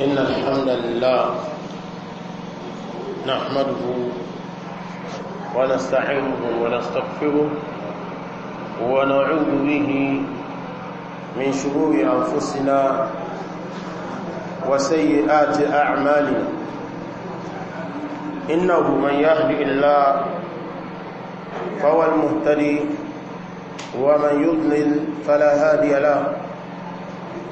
إن الحمد لله نحمده ونستعينه ونستغفره ونعوذ به من شرور أنفسنا وسيئات أعمالنا إنه من يهدئ الله فهو المهتدي ومن يضلل فلا هادي له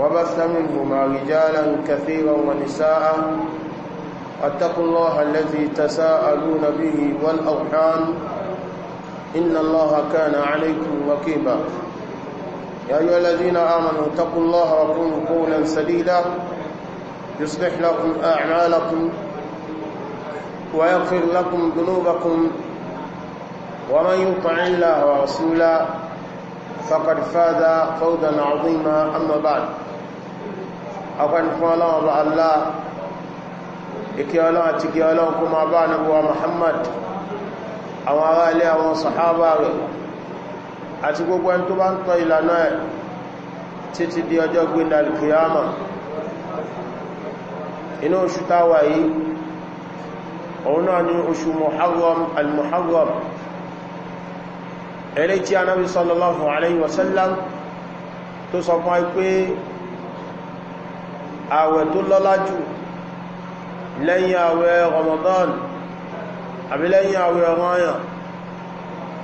وبث منهما رجالا كثيرا ونساء واتقوا الله الذي تساءلون به والأرحام إن الله كان عليكم وكيبا يا أيها الذين آمنوا اتقوا الله وكونوا قولا سديدا يصلح لكم أعمالكم ويغفر لكم ذنوبكم ومن يطع الله ورسوله فقد فاز فوزا عظيما أما بعد ọkàn fún ọlọ́run bá Allah ìkẹ́ ọlọ́run àti ìkẹ́ ọlọ́run kó máa bá níbuwa Muhammad àwọn ará ilé àwọn sàhábà rẹ̀ àti gbogbo ẹni tó bá ń tọ́ ìlànà ẹ̀ títí di ọjọ́ gbéda alkiyama inú oṣù táwà yìí òun náà ni oṣù Muharram al-Muharram àwẹ̀ tó lọ́lá jù lẹ́yìn àwẹ̀ Ramadan àbí lẹ́yìn àwẹ̀ ọ̀ranyàn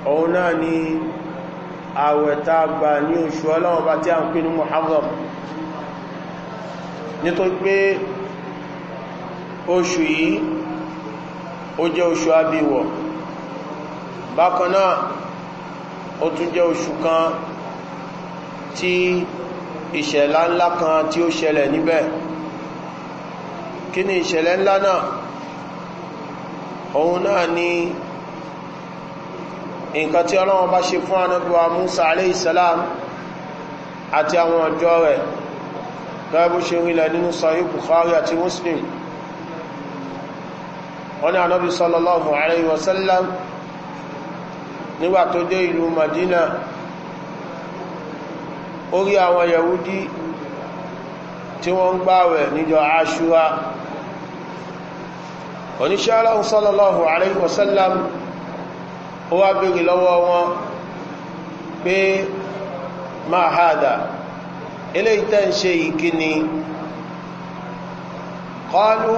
òun náà ni àwẹ̀ ta gbà ní oṣù ọlọ́wọ́ tí a ń pè ní Muharram nítorí pé oṣù yìí ó jẹ́ oṣù abíwọ̀ bákan ó tún jẹ́ oṣù kan tí ìṣẹ̀lá ńlá kan tí ó ṣẹlẹ̀ níbẹ̀ kí ni ìṣẹ̀lẹ̀ ńlá náà òun náà ni nǹkan tí ọlọ́wọ́n bá ṣe fún anábíwa musa aléìsàlám àti àwọn ọjọ́ rẹ̀ gẹ́gbù ṣe rílẹ̀ nínú sahih bukhari àti muslim wọ́n ni anábí sallallahu alayhi wasallam nígbà tó dé ìlú madina orí àwọn yahudi tí wọ́n ń gbáwẹ̀ níjọ aṣúra oníṣẹ́ aláhùn sallallahu alaihi wasallam ó wá bèèrè lọ́wọ́ wọn pé máa hádà ilé ìtẹ́ ń ṣe ìkíni kọlu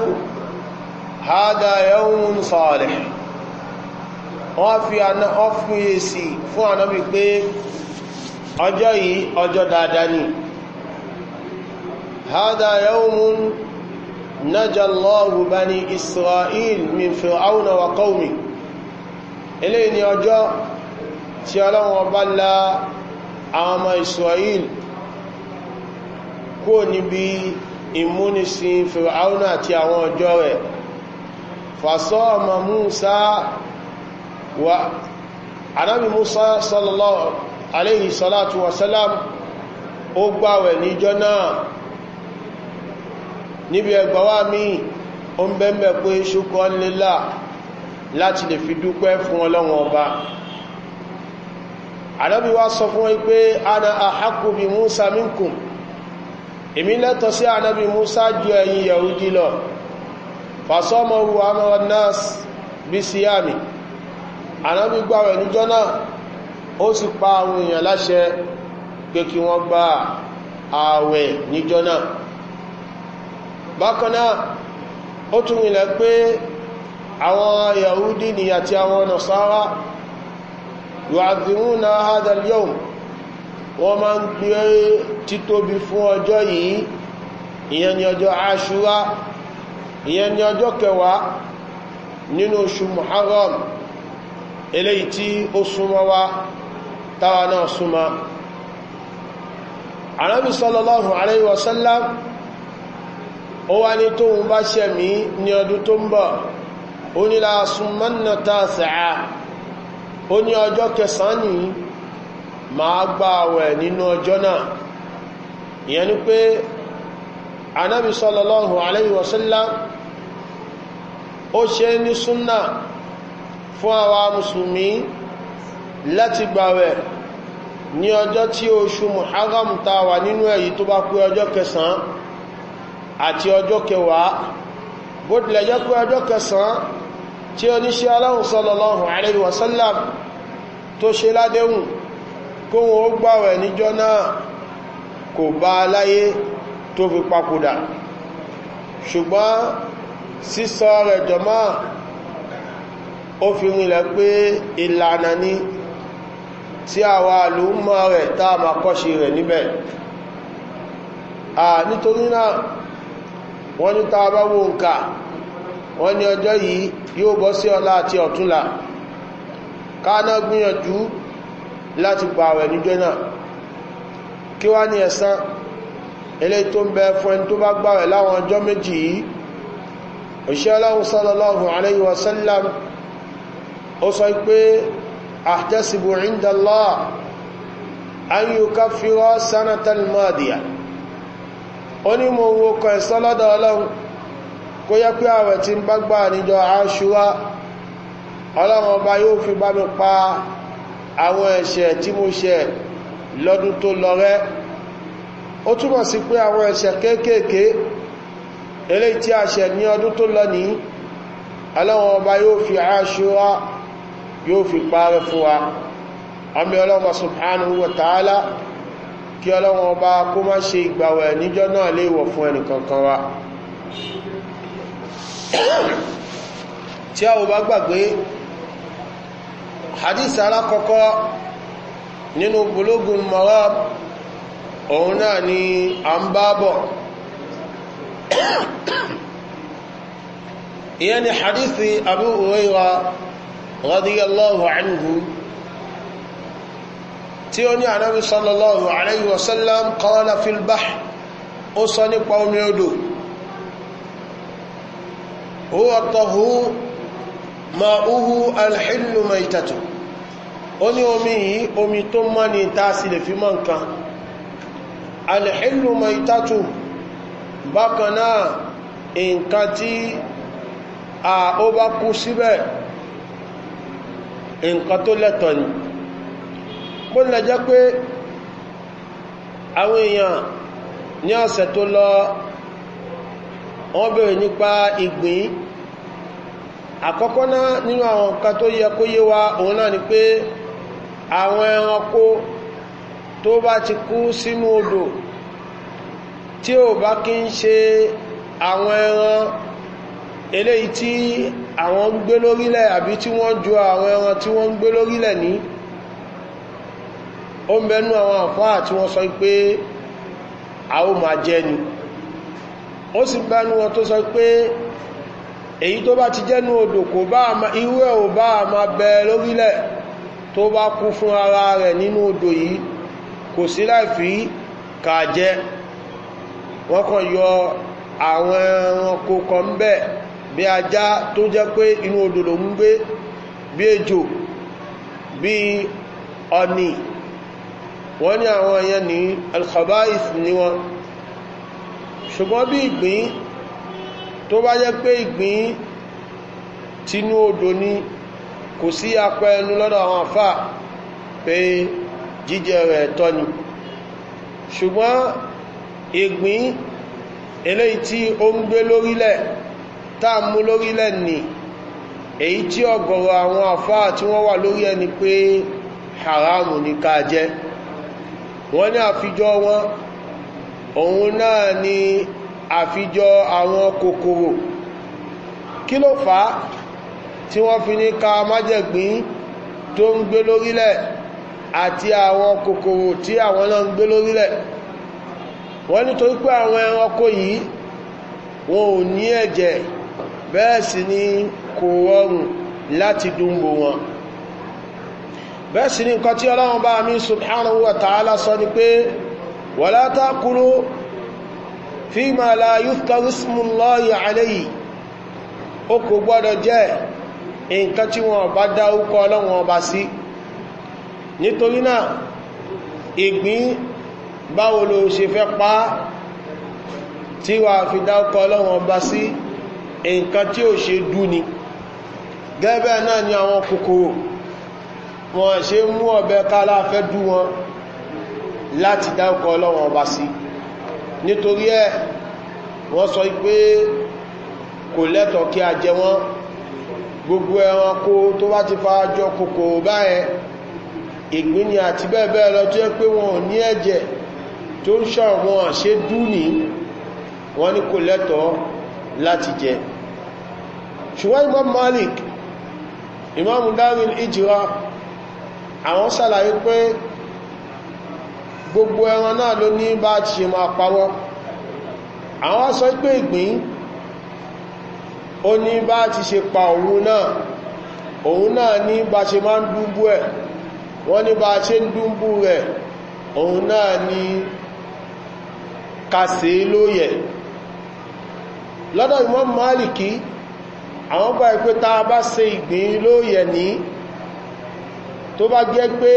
hádà yawon sọ̀rẹ̀ wọ́n fi èsì fún ànábì pé ọjọ́ yìí ọjọ́ dáadáa ni hada yawmun nájà lọ́wọ́ bá ní israel minfil auna wa kọ́wmi ilé ni ọjọ́ tí ọlọ́wọ́ bá lá àwọn ọmọ israel kó níbi ìmúnisin fir'auna àti àwọn ọjọ́ rẹ̀ fàṣọ́ ọmọ musa wa anábi musa sallallahu aléyìí sọ́látù wasalam ó gbáwẹ̀ níjọ́ náà níbi ẹgbàwà míì ó ń bẹ́m̀bẹ̀ pé ṣúkọ́ nílá láti lè fi dúpẹ́ fún ọlọ́run ọba àdábí wá sọ fún wípé ana àhákùbí musa minkum èmi lẹ́tọ̀ sí àdábí musa ju ẹ̀yìn yahudi lọ fasọ́mọ̀rù amọ́rọ̀ nas bí síyàmì àdábí gbáwẹ̀ níjọ́ náà o sì pa àwọn èèyàn láṣẹ pé kí wọ́n gba ààwẹ̀ níjọ́ náà bákanáà ó tún ilẹ̀ pé àwọn yahudi ni àti àwọn nasara na wọ́n ma ń gbé títóbi fún ọjọ́ yìí ìyẹn ni ọjọ́ aṣúra ìyẹn ni ọjọ́ kẹwàá nínú oṣù muharram eléyìí tí táwa náà súnmọ́ anábi sallallahu alayhi wa sallam ó wá ní tó ń bá ṣẹ mí ní ọdún tó ń bọ̀ ó ní láàsùn mọ́nà tàṣà ó ní ọjọ́ kẹsàn-án ní máa nínú ọjọ́ náà fún àwa musulmi láti gbàwẹ̀ ní ọjọ́ tí oṣù muharram ta wà nínú èyí tó bá pé ọjọ́ kẹsàn àti ọjọ́ kẹwàá bó tilẹ̀ jẹ́ ọjọ́ kẹsàn tí ó ní ṣe aláhùn sallallahu alaihi wasallam tó ṣe ládéhùn kó wọn ó gbàwẹ̀ níjọ́ náà kò bá aláyé tó fi papòdà ṣùgbọ́n sísọ rẹ̀ jọmọ́ ó fi rinlẹ̀ pé ìlànà ni tí àwà àlúmọ́ rẹ̀ táà ma kọ́ṣe rẹ̀ níbẹ̀ à nítorí náà wọ́n ní ta bá wo nkà wọ́n ní ọjọ́ yìí yóò bọ́ sí ọlá àti ọ̀túnlá káná gbìyànjú láti gbà rẹ̀ níjọ́ náà kí wá ní ẹ̀sán ilé tó ń bẹ fún ẹni tó bá gbà rẹ̀ láwọn ọjọ́ méjì yìí òṣìṣẹ́ ọlọ́run àlẹ́yìn wọ́sánlám ó sọ pé أحتسب عند الله أن يكفر سنة الماضية oni mo wo kan ẹ̀sán lọ́dọ̀ ọlọ́run kó yẹ pé àwẹ̀ tí ń bá gbà níjọ aṣúwá ọlọ́run ọba yóò fi bá mi pa àwọn ẹ̀ṣẹ̀ tí mo ṣẹ lọ́dún tó lọ rẹ́ ó túnmọ̀ sí pé àwọn ẹ̀ṣẹ̀ kéékèèké eléyìí tí a ṣẹ̀ ní ọdún tó lọ ní ọlọ́run fi aṣúwá yóò fi parẹ́ fún wa àmì ọlọ́wọ́ subhanahu wa ta'ala kí ọlọ́wọ́ ọba kó má ṣe ìgbàwẹ̀ níjọ́ náà léèwọ̀ fún ẹnìkankan wa tí a ò bá gbàgbé hadith alákọ́kọ́ nínú gbólógún mọ́rọ́ òun náà ni a ń bá ìyẹn ni hadithi abu hurairah radiyallahu anhu tí ó ní ànábi sallallahu alayhi wa sallam qala fil bahr ó sọ nípa omi odò huwa tahur ma'uhu alhillu maitatu ó ní omi yìí omi tó mọ́ ní tásí lè fi mọ́ nǹkan alhillu maitatu bákan nǹkan tí a ó bá kú síbẹ̀ nǹkan tó lẹ́tọ̀ ni bó lẹ jẹ́ pé àwọn èèyàn ní ọ̀sẹ̀ tó lọ wọ́n bèèrè nípa ìgbín àkọ́kọ́ náà nínú àwọn nǹkan tó yẹ kó yé wa òun náà ni pé àwọn ẹranko tó bá ti kú sínú odò tí ò bá kí ń ṣe àwọn ẹran eléyìí tí àwọn ń gbé lórílẹ̀ àbí tí wọ́n ju àwọn ẹran tí wọ́n ń gbé lórílẹ̀ ní ó ń bẹnú àwọn àfáà tí wọ́n sọ pé àwọn máa jẹ́ ni ó sì bẹnú wọn tó sọ pé èyí tó bá ti jẹ́nu odò kò bá irú ẹ̀ ò bá máa bẹ lórílẹ̀ tó bá kú fún ara rẹ̀ nínú odò yìí kò sí láìfí kàjẹ́ wọ́n kàn yọ àwọn ẹranko kan bẹ́ẹ̀ bí ajá tó jẹ́ pé inú odò ló ń gbé bí ejò bí ọ̀nì wọ́n ní àwọn ẹ̀yẹn ní alkhabais ní wọn ṣùgbọ́n bí ìgbín tó bá jẹ́ pé ìgbín tínú odò ní kò sí apẹ ẹnu lọ́dọ̀ àwọn àfà pé jíjẹ rẹ̀ tọ́ ni ṣùgbọ́n ìgbín eléyìí tí ó ń gbé lórílẹ̀ tá a mú lórílẹ̀ nì èyí tí ọ̀gọ̀rọ̀ àwọn àfáà tí wọ́n wà lórí ẹni pé haramu ní ká jẹ́ wọ́n ní àfijọ́ wọn òun náà ni àfijọ́ àwọn kòkòrò kí ló fà á tí wọ́n fi ní ká májẹ̀gbín tó ń gbé lórílẹ̀ àti àwọn kòkòrò tí àwọn náà ń gbé lórílẹ̀ wọ́n nítorí pé àwọn ẹranko yìí wọn ò ní ẹ̀jẹ̀ bẹ́ẹ̀ sì ni kò rọrùn láti dúnbò wọn bẹ́ẹ̀ sì ni nǹkan tí ọlọ́run bá mi subhanahu wa ta'ala sọ ni pé wọ́lá tákúrò fíìmà láyúfkarismùlọ́yì aléyìí ó kò gbọ́dọ̀ jẹ́ nǹkan tí wọ́n bá dá ókọ ọlọ́run ọba sí nítorí náà ìgbín báwo ló ṣe fẹ́ pa tí wà fi dá ókọ ọlọ́run ọba sí nǹkan tí ó ṣe dú ni gẹ́gẹ́ náà ni àwọn kòkòrò wọn ṣe mú ọ̀bẹ kálá fẹ́ dú wọn láti dáúkọ ọlọ́wọ̀n ọba sí nítorí ẹ wọ́n sọ pé kò lẹ́tọ̀ kí a jẹ wọ́n gbogbo ẹranko tó bá ti fa jọ kòkòrò báyẹn ìgbìnì àti bẹ́ẹ̀bẹ́ẹ̀ lọ tó yẹ pé wọn ò ní ẹ̀jẹ̀ tó ń ṣàwọn àṣẹ dú ní wọ́n ní kò lẹ́tọ̀ láti jẹ́ ṣùgbọ́n imam malik imam daril ijira àwọn sàlàyé pé gbogbo ẹran náà ló ní bá ti ṣe máa pawọ́ àwọn sọ pé ìgbín ó ní bá ti ṣe pa òun náà òun náà ní bá ṣe máa ń dúnbú ẹ̀ wọ́n ní bá ṣe ń dúnbú rẹ̀ òun náà ní kàṣẹ́ lóyẹ̀ lọ́dọ̀ ìmọ́ málìkì àwọn gbà pé tá a bá se ìgbín ló yẹ̀ ní tó bá jẹ́ pé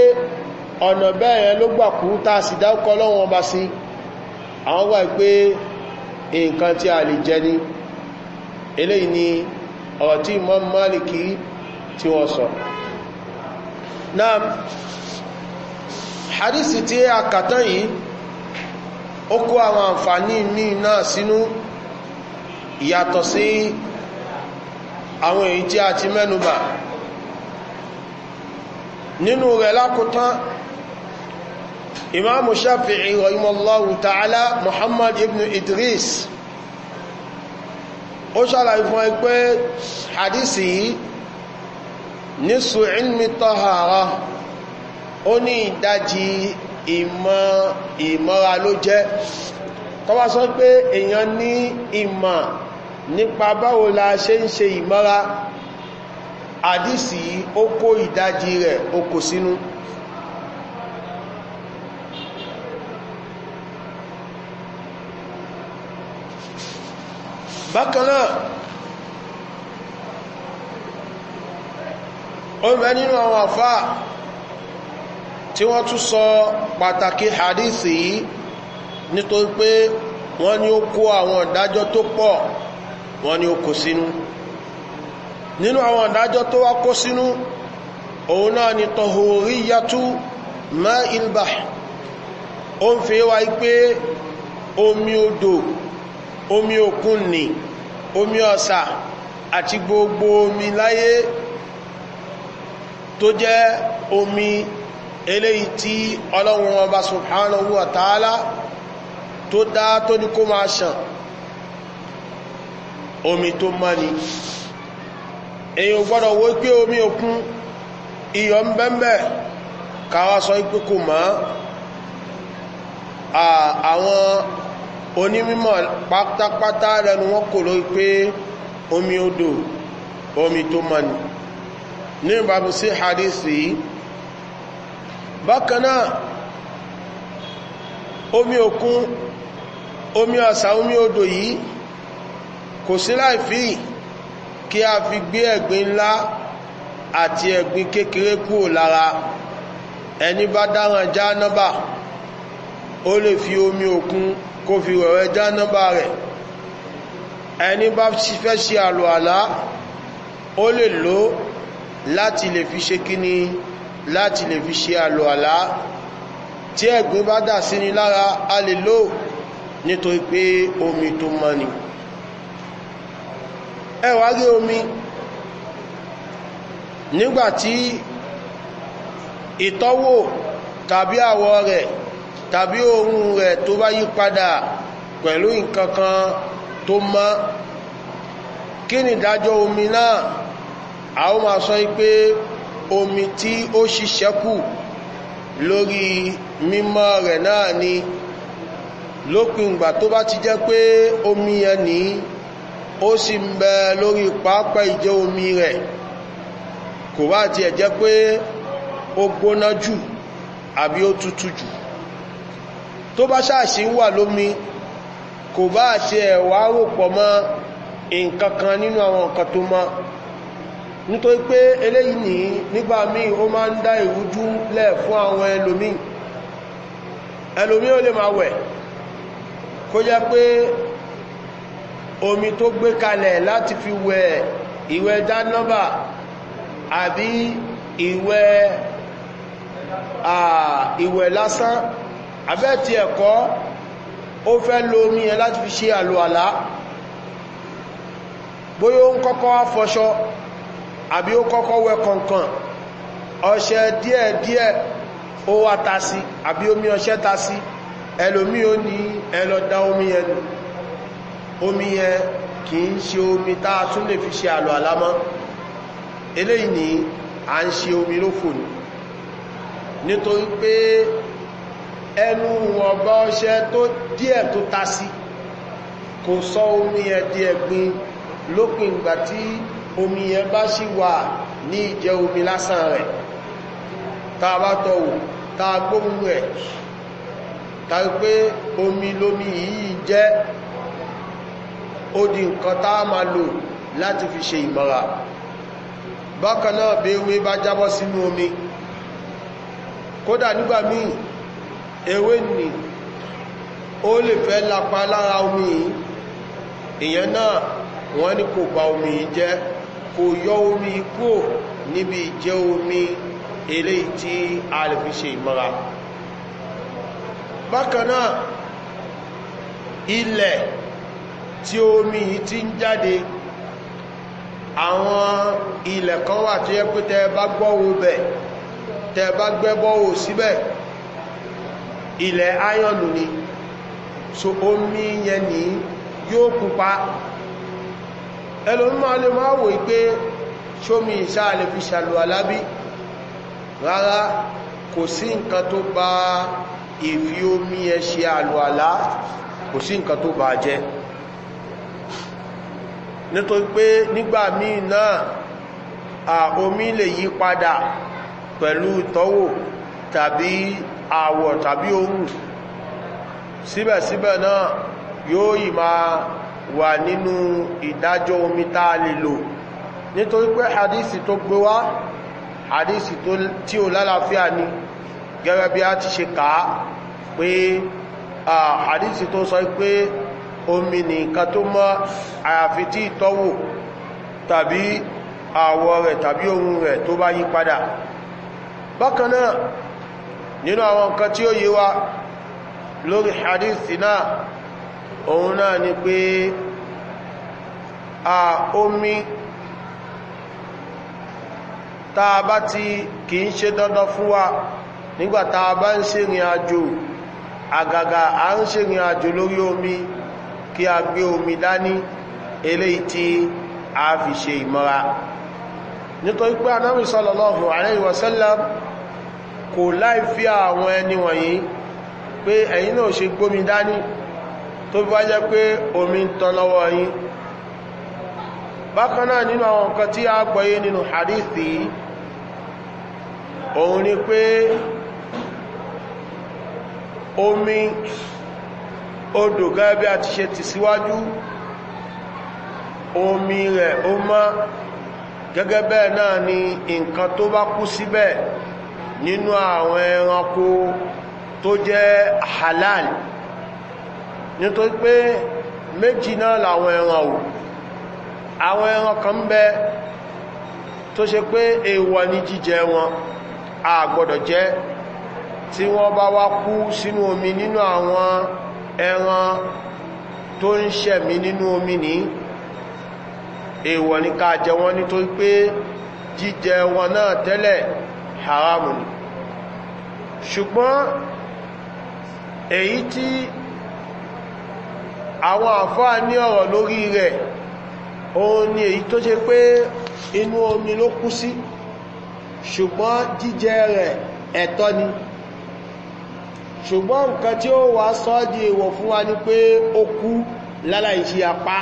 ọ̀nà bẹ́ẹ̀yẹn ló gbà kú tá a sì dáúkọ lọ́wọ́n bá sí àwọn gbà pé nǹkan tí a lè jẹ ní eléyìí ni ọ̀rọ̀ tí mọ́ málìkì tí wọ́n sọ ó kó àwọn àǹfààní míì náà sínú ìyàtọ̀ sí àwọn èyí tí a ti mẹ́nubà nínú rẹ̀ lákútán imamu shafi'i rahimallahu ta'ala muhammad ibn idris ó ṣàlàyé fún ẹgbẹ́ hadisi yìí ní su'in mitahara ó ní ìdájí ìmọ̀ ìmọ́ra ló jẹ́ tọ́wá pé èèyàn ní ìmọ̀ nípa báwo la ṣe ń ṣe ìmọ́ra àdísì ó kó ìdájí rẹ̀ ó kò sínú bákanáà ó mẹ́ nínú àwọn àfá tí wọ́n tún sọ pàtàkì hadith yìí nítorí pé wọ́n ni ó kó àwọn ìdájọ́ tó pọ̀ wọ́n ni ó kó sínú nínú àwọn ìdájọ́ tó wá kó sínú òun náà ni orí yàtú mẹ́ ilbà o ń fi wá pé omi odò omi òkun ni omi ọ̀sà àti gbogbo omi láyé tó jẹ́ omi eléyìí tí ọlọ́run ọba subhanahu wa ta'ala tó dá tó ní kó máa ṣàn omi tó má ni èyàn gbọ́dọ̀ wó pé omi òkun iyọ̀ ń bẹ́m̀bẹ̀ káwà sọ pé kò mọ́ àwọn onímọ̀ pátápátá rẹnu wọ́n kò ló pé omi odò omi tó má ni ní ìbámu sí hadisi bákanáà omi òkun omi àṣà omi odò yìí kò sí láìfí kí a fi gbé ẹ̀gbin ńlá àti ẹ̀gbin kékeré kúrò lára ẹni bá dáràn jánábà ó lè fi omi òkun kó fi wẹ̀wẹ́ jánábà rẹ̀ ẹni bá fẹ́ ṣe àlò àlá ó lè lò láti lè fi ṣe kíni láti lè fi ṣe àlò àlá tí ẹ̀gbin bá dà sí ni lára a lè lò nítorí pé omi tó mọ́ ni. ẹwà rí omi nígbàtí ìtọ́wò tàbí àwọ̀ rẹ̀ tàbí ohun rẹ̀ tó bá yí padà pẹ̀lú nkankan tó mọ́ kí ni ìdájọ́ omi náà a ó máa sọ pé omi tí ó ṣiṣẹ́ kù lórí mímọ́ rẹ̀ náà ni lópin ìgbà tó bá ti jẹ́ pé omi yẹn nìí ó sì ń bẹ lórí pápá ìjẹ́ omi rẹ̀ kò bá tiẹ̀ jẹ́ pé ó gbóná jù àbí ó tutù jù tó bá ṣáàṣì wà lómi kò bá ṣe ẹ̀wà ròpọ̀ mọ́ nkankan nínú àwọn nǹkan tó mọ́ nítorí pé eléyìí ní nígbà míì ó máa ń dá ìrújú lẹ̀ fún àwọn ẹlòmíì ẹlòmíì ó lè máa wẹ̀ kó jẹ́ pé omi tó gbé kalẹ̀ láti fi wẹ ìwẹ dánọ́bà àbí ìwẹ ìwẹ lásán àbẹ́ẹ̀tì ẹ̀kọ́ ó fẹ́ lo omi yẹn láti fi ṣe àlò àlá bóyá ó ń kọ́kọ́ afọṣọ àbí ó kọ́kọ́ wẹ kọ̀ǹkan ọṣẹ díẹ̀díẹ̀ ó wá ta sí àbí omi ọṣẹ ta sí ẹlòmí ó ní ẹlọ́dá omi ẹnu omi yẹn kì ń ṣe omi táa tún lè fi ṣe àlọ́ àlámọ́ eléyìí ni a ń ṣe omi lófò ní nítorí pé ẹnu ọ̀bá ọṣẹ tó díẹ̀ tó ta sí kò sọ omi yẹn di ẹ̀gbin lópin ìgbà tí omi yẹn bá ṣì wà ní ìjẹ omi lásán rẹ̀ táa bá tọ̀wò táa gbóhun rẹ̀ tàbí pé omi lómi yìí jẹ́ Odi di nǹkan tá a máa lò láti fi ṣe ìmọ̀ra bákan náà bí ewé bá jábọ́ sínú omi kódà nígbà míì ewé nì ó lè fẹ́ lapa lára omi yìí èyàn náà wọ́n ní kò bá omi yìí jẹ́ kò yọ omi kúò níbi jẹ́ omi ilé tí a lè fi ṣe ìmọ́ra bákanáà ilẹ̀ tí omi yìí ti ń jáde àwọn ilẹ̀ kan wà tó yẹ pé tẹ bá gbọ́wò bẹ̀ tẹ bá gbẹ́bọ́wò síbẹ̀ ilẹ̀ ayọ̀nù ni so omi yẹn ní yóò pupa ẹlòmí máa lè máa wò pé ṣómi ìsáàlẹ̀ fi ṣàlù alábí rárá kò sí nǹkan tó bá ìfi omi ẹ ṣe àlù àlá kò sí nǹkan tó bá jẹ́ nítorí pé nígbà míì náà à omi lè yí padà pẹ̀lú ìtọ́wò tàbí àwọ̀ tàbí ohun síbẹ̀síbẹ̀ náà yóò yìí máa wà nínú ìdájọ́ omi táa lè lò nítorí pé hadisi tó gbé wá hadisi tí ó lálàáfíà ni gẹ́gẹ́ bí a ti ṣe kàá pé hadisi tó sọ pé omi ni nǹkan tó mọ́ àyàfi tí ìtọ́wò tàbí àwọ̀ rẹ̀ tàbí ohun rẹ̀ tó bá yí padà bákanáà nínú àwọn nǹkan tí ó yí wa lórí hadithi náà òun náà ni pé a omi taa bá ti kìí ṣe dandan fún wa nígbàtà bá ń ṣe ìrìn àjò àgàgà à ń ṣe ìrìn àjò lórí omi kí a gbé omi dání eléyìí tí a fi ṣe ìmọ́ra nítorí pé anábì sallallahu alayhi wa sallam kò láì fi àwọn ẹni wọ̀nyí pé ẹ̀yin náà ṣe gbómi dání tó bí wá jẹ́ pé omi ń tán lọ́wọ́ yín bákan nínú àwọn nǹkan tí a gbọ́yé nínú hadithi òun ni pé omi odò gẹ́gẹ́ bí a ti ṣe ti síwájú omi rẹ̀ ó mọ́ gẹ́gẹ́ bẹ́ẹ̀ náà ni nǹkan tó bá kú síbẹ̀ nínú àwọn ẹranko tó jẹ́ halal nítorí pé méjì náà làwọn ẹran ò àwọn ẹran kan bẹ tó ṣe pé èèwọ̀ ní jíjẹ wọn a gbọ́dọ̀ jẹ tí wọ́n bá wá kú sínú omi nínú àwọn ẹran ẹran tó ń ṣẹ̀mí nínú omi ní èèwọ̀ ní ká jẹ wọn nítorí pé jíjẹ wọn náà tẹ́lẹ̀ haramu ni ṣùgbọ́n èyí tí àwọn àfáà ní ọ̀rọ̀ lórí rẹ̀ òun ni èyí tó ṣe pé inú omi ló kú sí ṣùgbọ́n jíjẹ rẹ̀ ẹ̀tọ́ ni ṣùgbọ́n nǹkan tí ó wà sọ́ di èwọ̀ fún wa ní pé ó kú láláìsí apá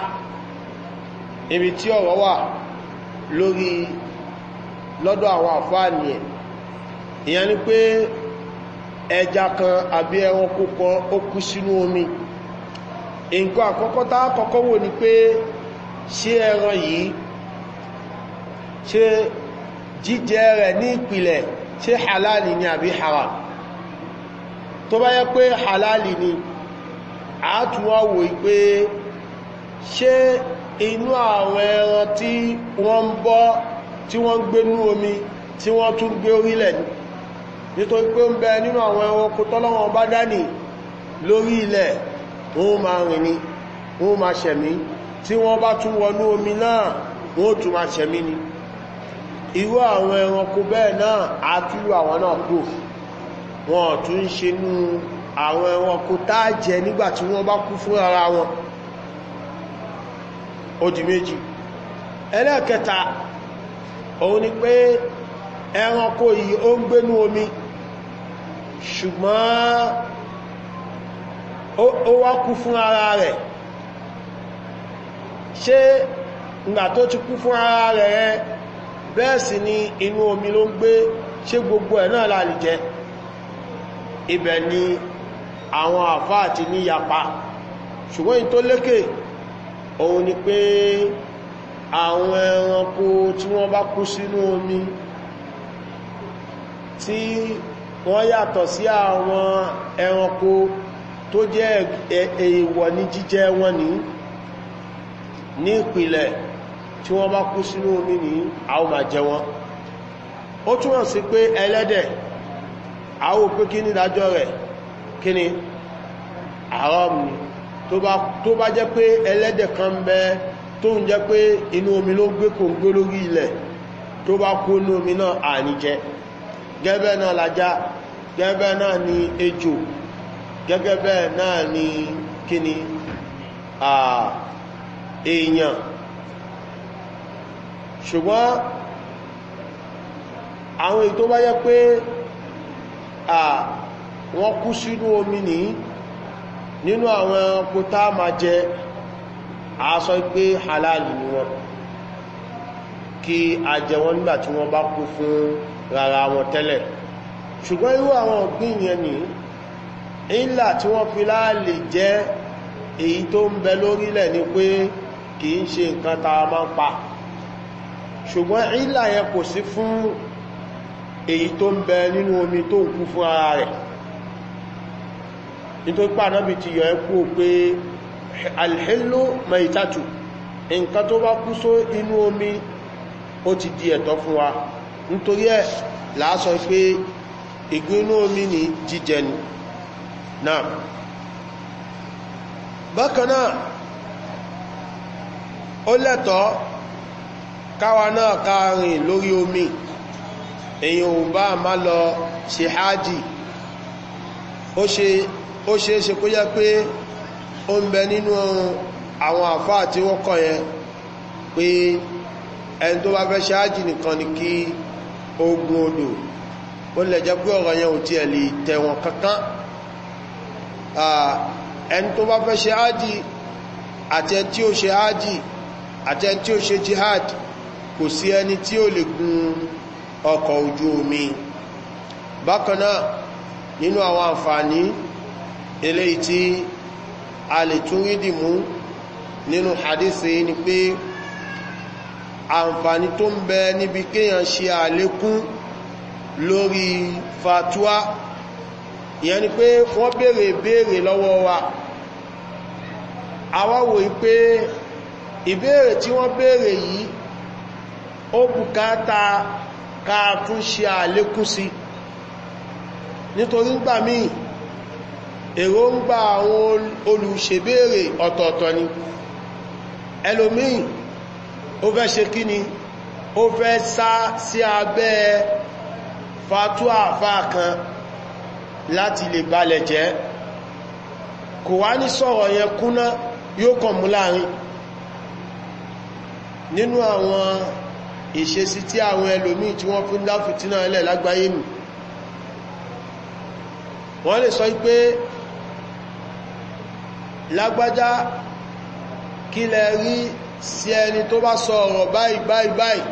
ibi tí ọ̀rọ̀ wà lórí lọ́dọ̀ àwọn àfáàní ẹ̀ ìyẹn ni pé ẹja kan àbí ẹranko kan ó kú sínú omi nǹkan àkọ́kọ́ tá kọ́kọ́ wò ní pé ṣé ẹran yìí ṣe jíjẹ rẹ̀ ní ìpìlẹ̀ ṣe halali ni àbí haram tó bá yẹ pé halali ni àátúnwà wò pé ṣé inú àwọn ẹran tí wọ́n ń bọ́ tí wọ́n ń gbénú omi tí wọ́n tún gbé orílẹ̀ nítorí pé ń bẹ nínú àwọn ẹranko tọ́lọ́wọ́n bá dání lórí ilẹ̀ wọ́n ma rìn ní wọ́n ma ṣẹ̀mí tí wọ́n bá tún wọnú omi náà wọ́n tún ma ṣẹ̀mí ni irú àwọn ẹranko bẹ́ẹ̀ náà àtúrú àwọn náà kúrò wọn tún ṣe ní àwọn ẹranko táà jẹ nígbàtí wọ́n bá kú fún ara wọn ó di méjì ẹlẹ́ẹ̀kẹta òun ni pé ẹranko yìí ó ń gbénú omi ṣùgbọ́n ó wá kú fún ara rẹ̀ ṣe ìgbà tó ti kú fún ara rẹ̀ bẹ́ẹ̀ sì ni inú omi ló ń gbé gbogbo ẹ̀ náà la lè ibẹ̀ ni àwọn àfá àti níyapa ṣùgbọ́n yí tó lékè òun ni pé àwọn ẹranko tí wọ́n bá kú sínú omi tí wọ́n yàtọ̀ sí àwọn ẹranko tó jẹ́ èèwọ̀ ní jíjẹ wọn ní ní ìpìlẹ̀ tí wọ́n bá kú sínú omi ní àwọn máa wọn ó túnmọ̀ sí pé ẹlẹ́dẹ̀ẹ́ àwọ̀ pé kí ní ìdájọ́ rẹ̀ kí ni haram ni tó bá jẹ́ pé ẹlẹ́dẹ̀ kan bẹ tó ń jẹ́ pé inú omi ló gbé kò ń gbé lórí ilẹ̀ tó bá kó inú omi náà àníjẹ gẹ́gẹ́ náà lajá gẹ́gẹ́ náà ni ejò gẹ́gẹ́ bẹ́ẹ̀ náà ni kí ni èèyàn ṣùgbọ́n àwọn ètò bá yẹ pé wọ́n kú sínú omi ní nínú àwọn ẹranko tá ma jẹ àásọ pé halali ni wọn kí a jẹ wọn nígbà tí wọ́n bá kú fún rárá wọn tẹ́lẹ̀ ṣùgbọ́n irú àwọn ọ̀gbìn yẹn ni ìlà tí wọ́n fi láàlè jẹ́ èyí tó ń bẹ lórílẹ̀ ni pé kìí ṣe nǹkan ta ma pa ṣùgbọ́n ìlà yẹn kò sí fún èyí tó ń bẹ nínú omi tó kú fún ara rẹ̀ nítorí pà náà bí ti yọ ẹkú pé alhélò maitatu nǹkan tó bá kú só inú omi ó ti di ẹ̀tọ́ fún wa nítorí ẹ̀ láásọ pé ìgbín inú omi ní jíjẹ ni náà bákanáà ó lẹ́tọ̀ọ́ káwa náà káàrin lórí omi èyàn ò bá má lọ ṣe hajji ó ṣe ó ṣe é ṣe kó yẹ pé ó ń bẹ nínú àwọn àfáà tí wọ́n kọ̀ yẹn pé ẹni tó bá fẹ́ ṣe hajji nìkan ni kí ogun odò ó lè jẹ́ pé ọ̀rọ̀ yẹn ò tiẹ̀ lè tẹ̀wọ̀n kankan ẹni tó bá fẹ́ ṣe hajji àti ẹni tí ó ṣe hajji àti ẹni tí ó ṣe jihad kò sí ẹni tí ó lè gun odò ọkọ̀ ojú omi bákanáà nínú àwọn àǹfààní ilé tí a lè tún rídì mú nínú hadisi ni pé àǹfààní tó ń bẹ níbi kéèyàn ṣe àlékún lórí fatuwa ìyẹn ni pé wọ́n bèèrè ìbéèrè lọ́wọ́ wa àwáwò pé ìbéèrè tí wọ́n bèèrè yìí ó bùkátà ká tún ṣe àlékún sí nítorí gbà míì èròǹgbà àwọn olùṣèbéèrè ọ̀tọ̀ọ̀tọ̀ ni ẹlòmíì ó fẹ́ ṣe kí ni ó fẹ́ sá sí abẹ́ fatúà àfáà láti lè balẹ̀ jẹ́ kò wá ní sọ̀rọ̀ yẹn kúnná yóò kàn mú láàrin nínú àwọn ìṣesí tí àwọn ẹlòmíì tí wọ́n fún dáfìtínà ẹlẹ̀ lágbàáyé nù wọ́n lè sọ pé lágbájá kí lẹ rí sí ẹni tó bá sọ ọ̀rọ̀ báyìí báyìí báyìí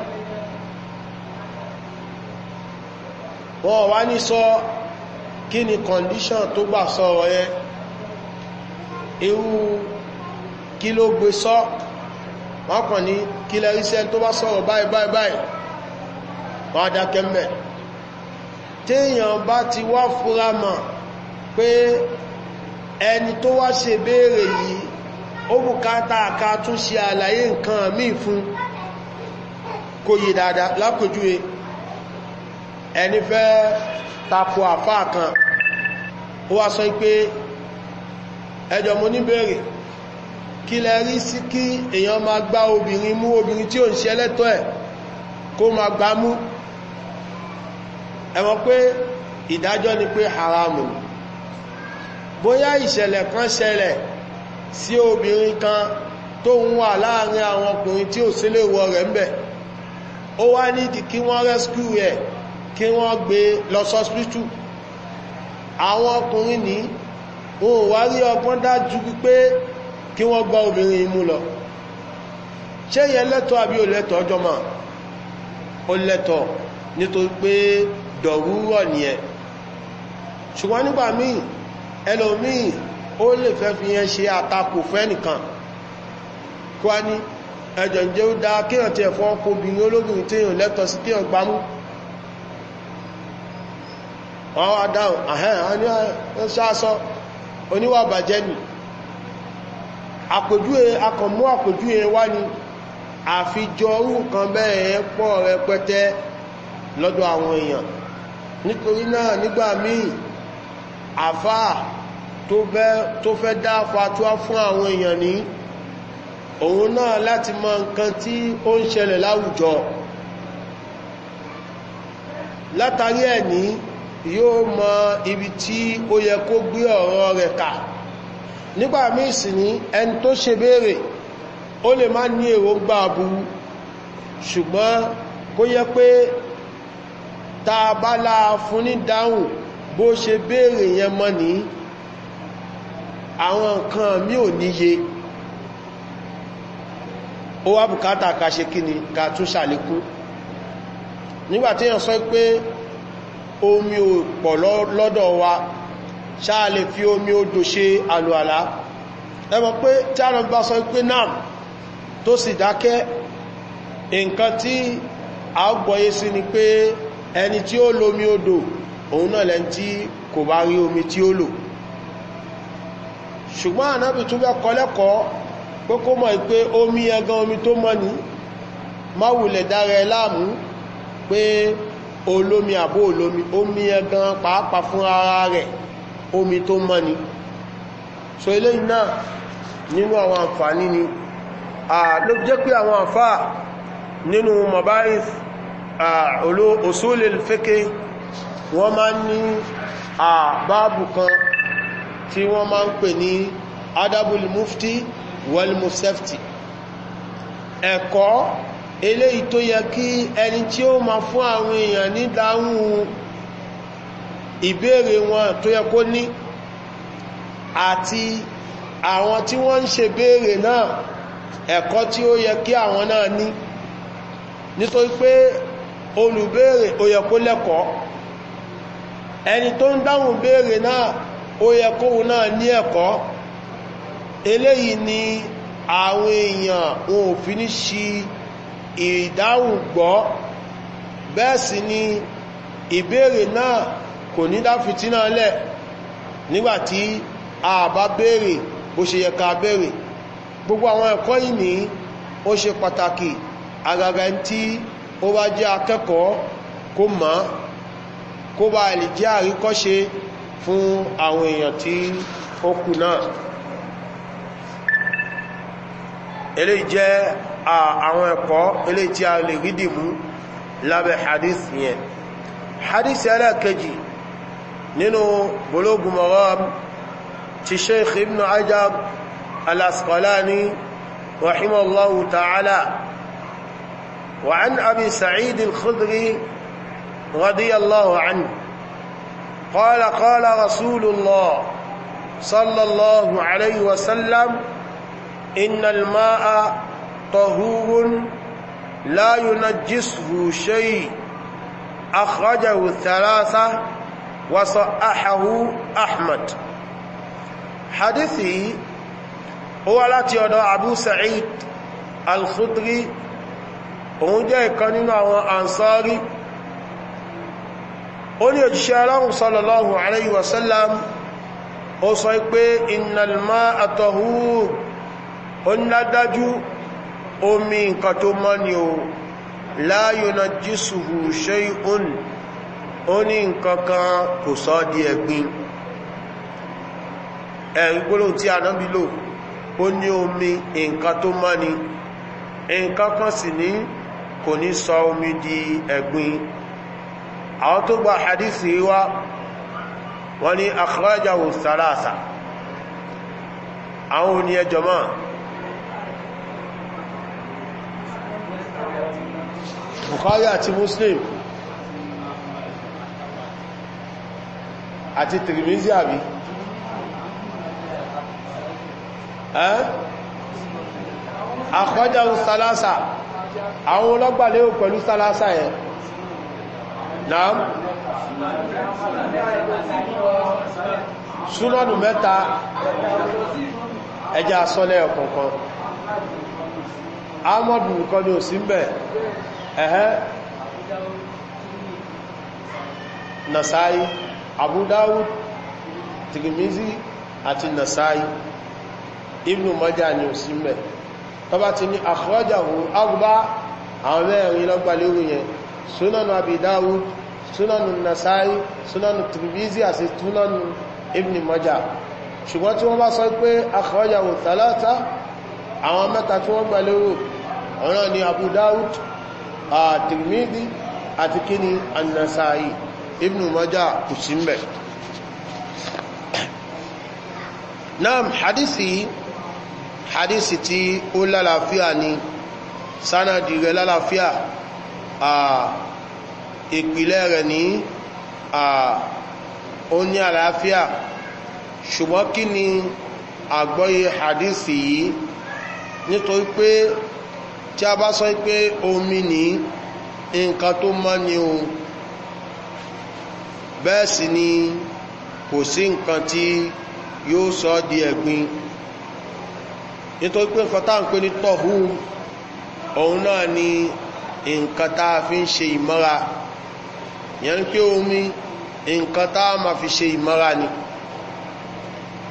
wọ́n wá ní sọ kí ni condition tó gbà sọ ọ̀rọ̀ yẹn irú kí ló gbé sọ́ so, wọ́n kàn ní kílẹ̀ iṣẹ́ tó bá sọ̀rọ̀ báyìí báyìí báyìí wọ́n á dákẹ́ mẹ́ téèyàn bá ti wá fura mọ̀ pé ẹni tó wá ṣe béèrè yìí ó bùkátà ká tún ṣe àlàyé nǹkan míì fún kó yí dáadáa lápòjúwe ẹni fẹ́ tako àfáà kan ó wá sọ pé ẹjọ́ mo ní béèrè kí lẹ rí sí kí èèyàn máa gbá obìnrin mú obìnrin tí ò ń ṣe ẹlẹ́tọ́ ẹ̀ kó máa gbá mú ẹ pé ìdájọ́ ni pé haramu bóyá ìṣẹ̀lẹ̀ kan ṣẹlẹ̀ sí obìnrin kan tó ń wà láàrin àwọn ọkùnrin tí ò sílé wọ rẹ̀ ń bẹ̀ ó wá nídìí kí wọ́n rẹ́skú rẹ̀ kí wọ́n gbé lọ sọ́spítù àwọn ọkùnrin ní òun wá rí ọgbọ́n dájú wípé kí wọ́n gbá obìnrin imú lọ ṣe yẹ lẹ́tọ́ àbí ò ọjọ́ ma ó lẹ́tọ́ nítorí pé dọ̀rúrọ̀ nìyẹn ṣùgbọ́n nígbà míì ẹlòmíì ó lè fẹ́ fi yẹn ṣe àtakò fẹ́nìkan kó a ní ẹjọ̀ jẹ́ ó dá kíyàn ti ẹ̀fọ́ ọkọ̀ obìnrin olóbìnrin tí yàn lẹ́tọ̀ sí kíyàn gbámú wọ́n wá dáhùn àhẹ́ àníwá ń ṣáṣọ́ oníwà bàjẹ́ nìí àpèjúwe akọ̀mú àpèjúwe wá ni àfijọ́rú kan bẹ́ẹ̀ pọ̀ rẹpẹtẹ lọ́dọ̀ àwọn èèyàn nítorí náà nígbà míì àfá tó fẹ́ dá fàtúwá fún àwọn èèyàn ní òun náà láti mọ nǹkan tí ó ń ṣẹlẹ̀ láwùjọ látàrí ẹ̀ ní yóò mọ ibi tí ó yẹ kó gbé ọ̀rọ̀ rẹ̀ kà nígbà míì sì ní ẹni tó ṣe béèrè ó lè má ní èròǹgbà aburú ṣùgbọ́n kó yẹ pé tá a bá láa fún ní dáhùn bó ṣe béèrè yẹn mọ́ ní àwọn nǹkan mí ò níye ó wá bùkátà ká ṣe kí ni ká tún ṣàlékún nígbàtí èèyàn sọ pé omi ò pọ̀ lọ́dọ̀ wa ṣáà lè fi omi odò ṣe àlùàlá ẹmọ pé tí a bá sọ pé náà tó sì dákẹ́ nǹkan tí a gbọ́yé sí ni pé ẹni tí ó lómi odò òun náà lẹ́n tí kò bá rí omi tí ó lò ṣùgbọ́n ànábì tún bẹ́ kọlẹ́kọ́ pé kó mọ̀ pé omi ẹgan omi tó mọ́ ní máwùlẹ̀ dára ẹ láàmú pé olómi àbó olómi omi ẹgan pàápàá fún ara rẹ̀ omi tó mọ́ ni so eléyìí náà nínú àwọn àǹfààní ni ló jẹ́ pé àwọn àǹfà nínú mabais usulul fiqh wọ́n máa ní àbábù kan tí wọ́n máa ń pè ní adabul mufti wal musafti ẹ̀kọ́ eléyìí tó yẹ kí ẹni tí ó ma fún àwọn èèyàn ní dáhùn ìbéèrè wọn tó yẹ kó ní àti àwọn tí wọ́n ń ṣe béèrè náà ẹ̀kọ́ tí ó yẹ kí àwọn náà ní nítorí pé olùbéèrè ó yẹ kó lẹ́kọ̀ọ́ ẹni tó ń dáhùn béèrè náà ó yẹ kóhun náà ní ẹ̀kọ́ eléyìí ni àwọn èèyàn wọn ò fi ní ṣi ìdáhùn gbọ́ bẹ́ẹ̀ sì ni ìbéèrè náà kò ní dá fìtínà lẹ̀ nígbàtí a bá béèrè bó ṣe yẹ ká béèrè gbogbo àwọn ẹ̀kọ́ ìní ó ṣe pàtàkì agaga tí ó bá jẹ́ akẹ́kọ̀ọ́ kó mọ́ kó bá lè jẹ́ àríkọ́ṣe fún àwọn èèyàn tí ó kù náà ilé jẹ́ àwọn ẹ̀kọ́ ilé tí a lè rídìmú lábẹ́ hadith yẹn hadith ẹlẹ́kejì nínú bulugh maram ti sheikh ibn ajab al-asqalani rahimallahu ta'ala wa an abi sa'id al-khudri radiyallahu anhu قال قال رسول الله صلى الله عليه وسلم إن الماء طهور لا ينجسه شيء أخرجه الثلاثة وصححه أحمد حديثي هو التي يدعى أبو سعيد الخضري ونجي كان أنصاري ó ní òjíṣẹ́ aláhùn sallallahu alayhi wa sallam ó sọ pé ìnàlmá àtọ̀húr ó ń ládájú omi nǹkan tó mọ́ ni ó la yunajjisuhu shay'un ó ní nkankan kò sọ di ẹ̀gbin ẹ̀gbólóhùn tí anábí lò ó ní omi nkan tó mọ́ ni nkan kan sì ní kò ní sọ omi di ẹ̀gbin àwọn tó gba hadisi wá wọ́n ni akhrajahu thalatha àwọn òní ẹjọ́ máa bukhari àti muslim àti tìrìmìzì àbí àkọjá sálásà àwọn olọ́gbàlẹ́wò pẹ̀lú sálásà ẹ̀ náà súnọ́nù mẹ́ta ẹjá asọ́lẹ̀ ọ̀kọ̀ọ̀kan ahmadu nìkan ni ò sí mẹ́ ẹ̀hẹ́ nasáyí abu dawud tirimizi àti nasai ibnu maja ni ò sí mẹ́ tọba ti ní àkọ́jàwó agbá àwọn mẹ́rin lọ́gbàlérò yẹn sunanu abu dawud sunanu nasai sunanu tirimizi àti sunanu ibnu maja ṣùgbọ́n tí wọ́n bá sọ pé àkọ́jàwó tàlátà àwọn mẹ́ta tí wọ́n gbàlérò ọ̀ràn ni abu dawud tirimizi àti kíni annasai Ibnu maja kò sí ń náà hadisi hadisi tí ó lálàáfíà ni sánàdì rẹ̀ lálàáfíà ìpìlẹ̀ rẹ̀ ní ó ní àlàáfíà ṣùgbọ́n kí ni àgbọ́yé hadisi yìí nítorí pé tí a bá sọ pé omi ní nǹkan tó mọ́ ni ohun bẹ́ẹ̀ sì ni kò sí nǹkan sọ di ẹ̀gbin nítorí pé ń pè ni nǹkan tá a fi ń ṣe ìmọ́ra yẹn pé omi nǹkan tá a máa fi ṣe ìmọ́ra ni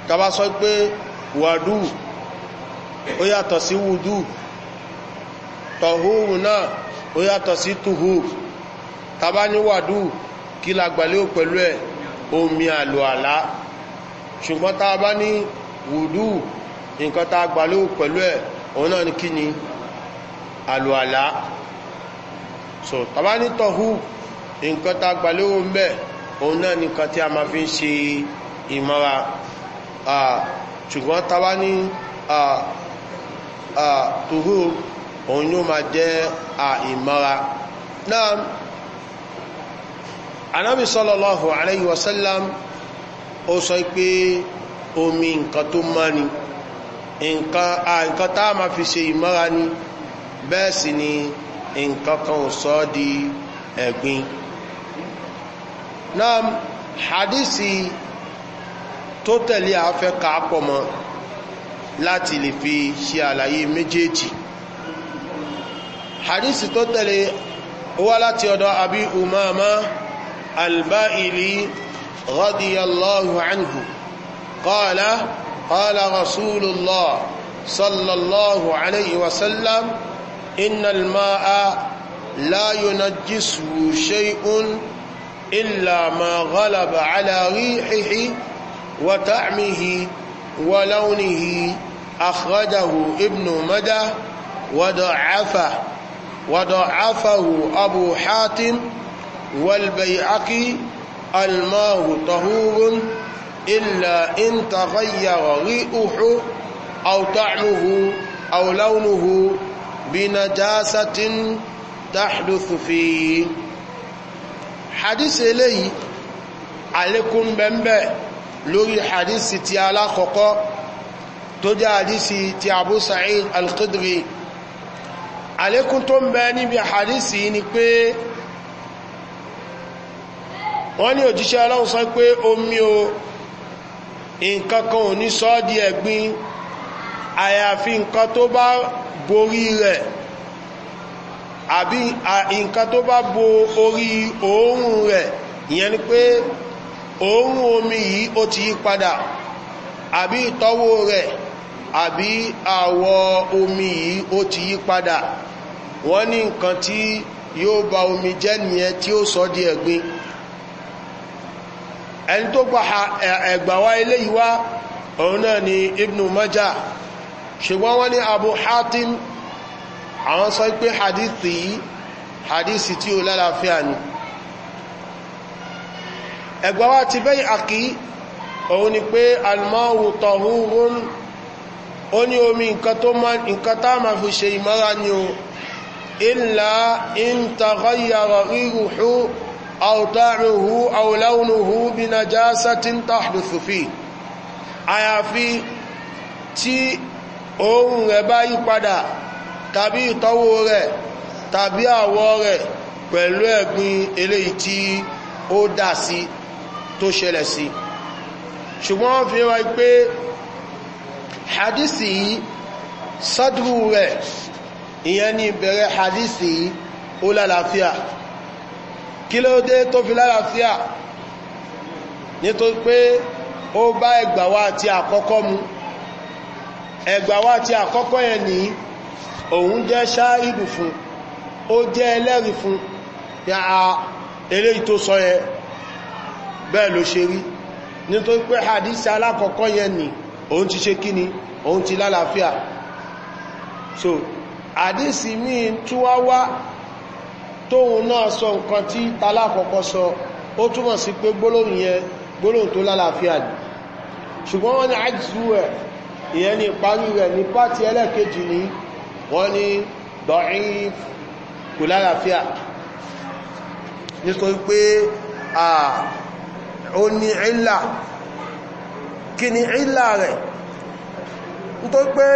tàbá sọ pé wàdú ó yàtọ̀ sí náà ó yàtọ̀ sí ní kí la gbàlẹ́ ò pẹ̀lú ẹ̀ omi àlò àlá ṣùgbọ́n tá a bá ní wùdú nǹkan tá a gbàlẹ́ ò pẹ̀lú ẹ̀ òun náà ni kí ni àlò àlá so tàbá ní tọ̀hú nǹkan tá a gbàlẹ́ ò ń bẹ̀ òun náà ni nǹkan tí a máa fi ń ṣe ìmọ́ra ṣùgbọ́n tàbá ní tòhú òun yóò máa jẹ́ ìmọ́ra náà anábì sallallahu alayhi wa sallam ó sọ pé omi nǹkan tó mọ́ ni nǹkan tá a máa fi ṣe ìmọ́ra ni bẹ́ẹ̀ sì ni nǹkan kan ò sọ di ẹ̀gbin náà hadisi tó tẹ̀lé àáfẹ́ káàpọ̀ mọ́ láti lè fi ṣe àlàyé méjèèjì hadisi tó tẹ̀lé wá láti ọ̀dọ̀ àbí umama البائلي رضي الله عنه قال قال رسول الله صلى الله عليه وسلم إن الماء لا ينجسه شيء إلا ما غلب على ريحه وتعمه ولونه أخرجه ابن مده وضعفه وضعفه أبو حاتم والبيعقي الماء طهور إلا إن تغير ريئه أو طعمه أو لونه بنجاسة تحدث فيه حديث إليه عليكم بمبه lórí حديث ti alákọ̀ọ́kọ́ tó jẹ́ hadisi ti abu sa'id al-qidri alékún tó wọ́n ní òjíṣẹ́ ọlọ́run sọ pé omi o nǹkan kan ò ní sọ́ di ẹ̀gbin àyàfi nǹkan tó bá borí rẹ̀ àbí nǹkan tó bá bo orí òórùn rẹ̀ ìyẹn ni pé òórùn omi yìí ó ti yí padà àbí ìtọ́wò rẹ̀ àbí àwọ̀ omi yìí ó ti yí padà wọ́n ní nǹkan tí yóò ba omi jẹ́ nìyẹn tí ó sọ di e ẹni tó gba ẹgbàwá eléyìí wá òun náà ni ibn maja ṣùgbọ́n wọ́n ní abu hatim àwọn sọ pé hadithi yìí hadithi tí ó lálàáfíà ni ẹgbàwá ti bẹ́yìn àkí òun ni pé almahu tọ̀húrún ó ní omi nǹkan tá ma fi ṣe ìmọ́ra ni o ìlà ìntàkọ́yàrọ̀ ríruhu أو طعمه أو لونه بنجاسة تحدث فيه àyàfi في تي rẹ̀ bá yí padà tàbí ìtọ́wò rẹ̀ tàbí àwọ̀ rẹ̀ pẹ̀lú ẹ̀gbin eléyìí tí ó dà sí tó ṣẹlẹ̀ sí ṣùgbọ́n wọ́n fi wáyé pé hadisi yìí sádùrù rẹ̀ ìyẹn ni ìbẹ̀rẹ̀ hadisi yìí ó lálàáfíà kí ló dé tó fi lálàáfíà nítorí pé ó bá ẹgbàwá àti àkọ́kọ́ mu ẹgbàwá àti àkọ́kọ́ yẹn ní òun jẹ́ ṣáàrìbù fún ó jẹ́ ẹlẹ́rìí fún yàá eléyìí tó sọ yẹn bẹ́ẹ̀ ló ṣe rí nítorí pé hadisi alákọ̀ọ́kọ́ yẹn ni òun ti ṣe kíni òun ti lálàáfíà so hadisi míì tún wá tóun náà sọ nǹkan tí talákọ̀ọ́kọ́ sọ ó túnmọ̀ sí pé gbólóhùn yẹn gbólóhùn tó lálàáfíà ni ṣùgbọ́n wọ́n ni àjíṣú ẹ̀ ìyẹn ni ìparí rẹ̀ ní pàtí ẹlẹ́kejì ni wọ́n ni dọ̀íf kò lálàáfíà nítorí pé ó ní ìlà kí ni ìlà rẹ̀ nítorí pé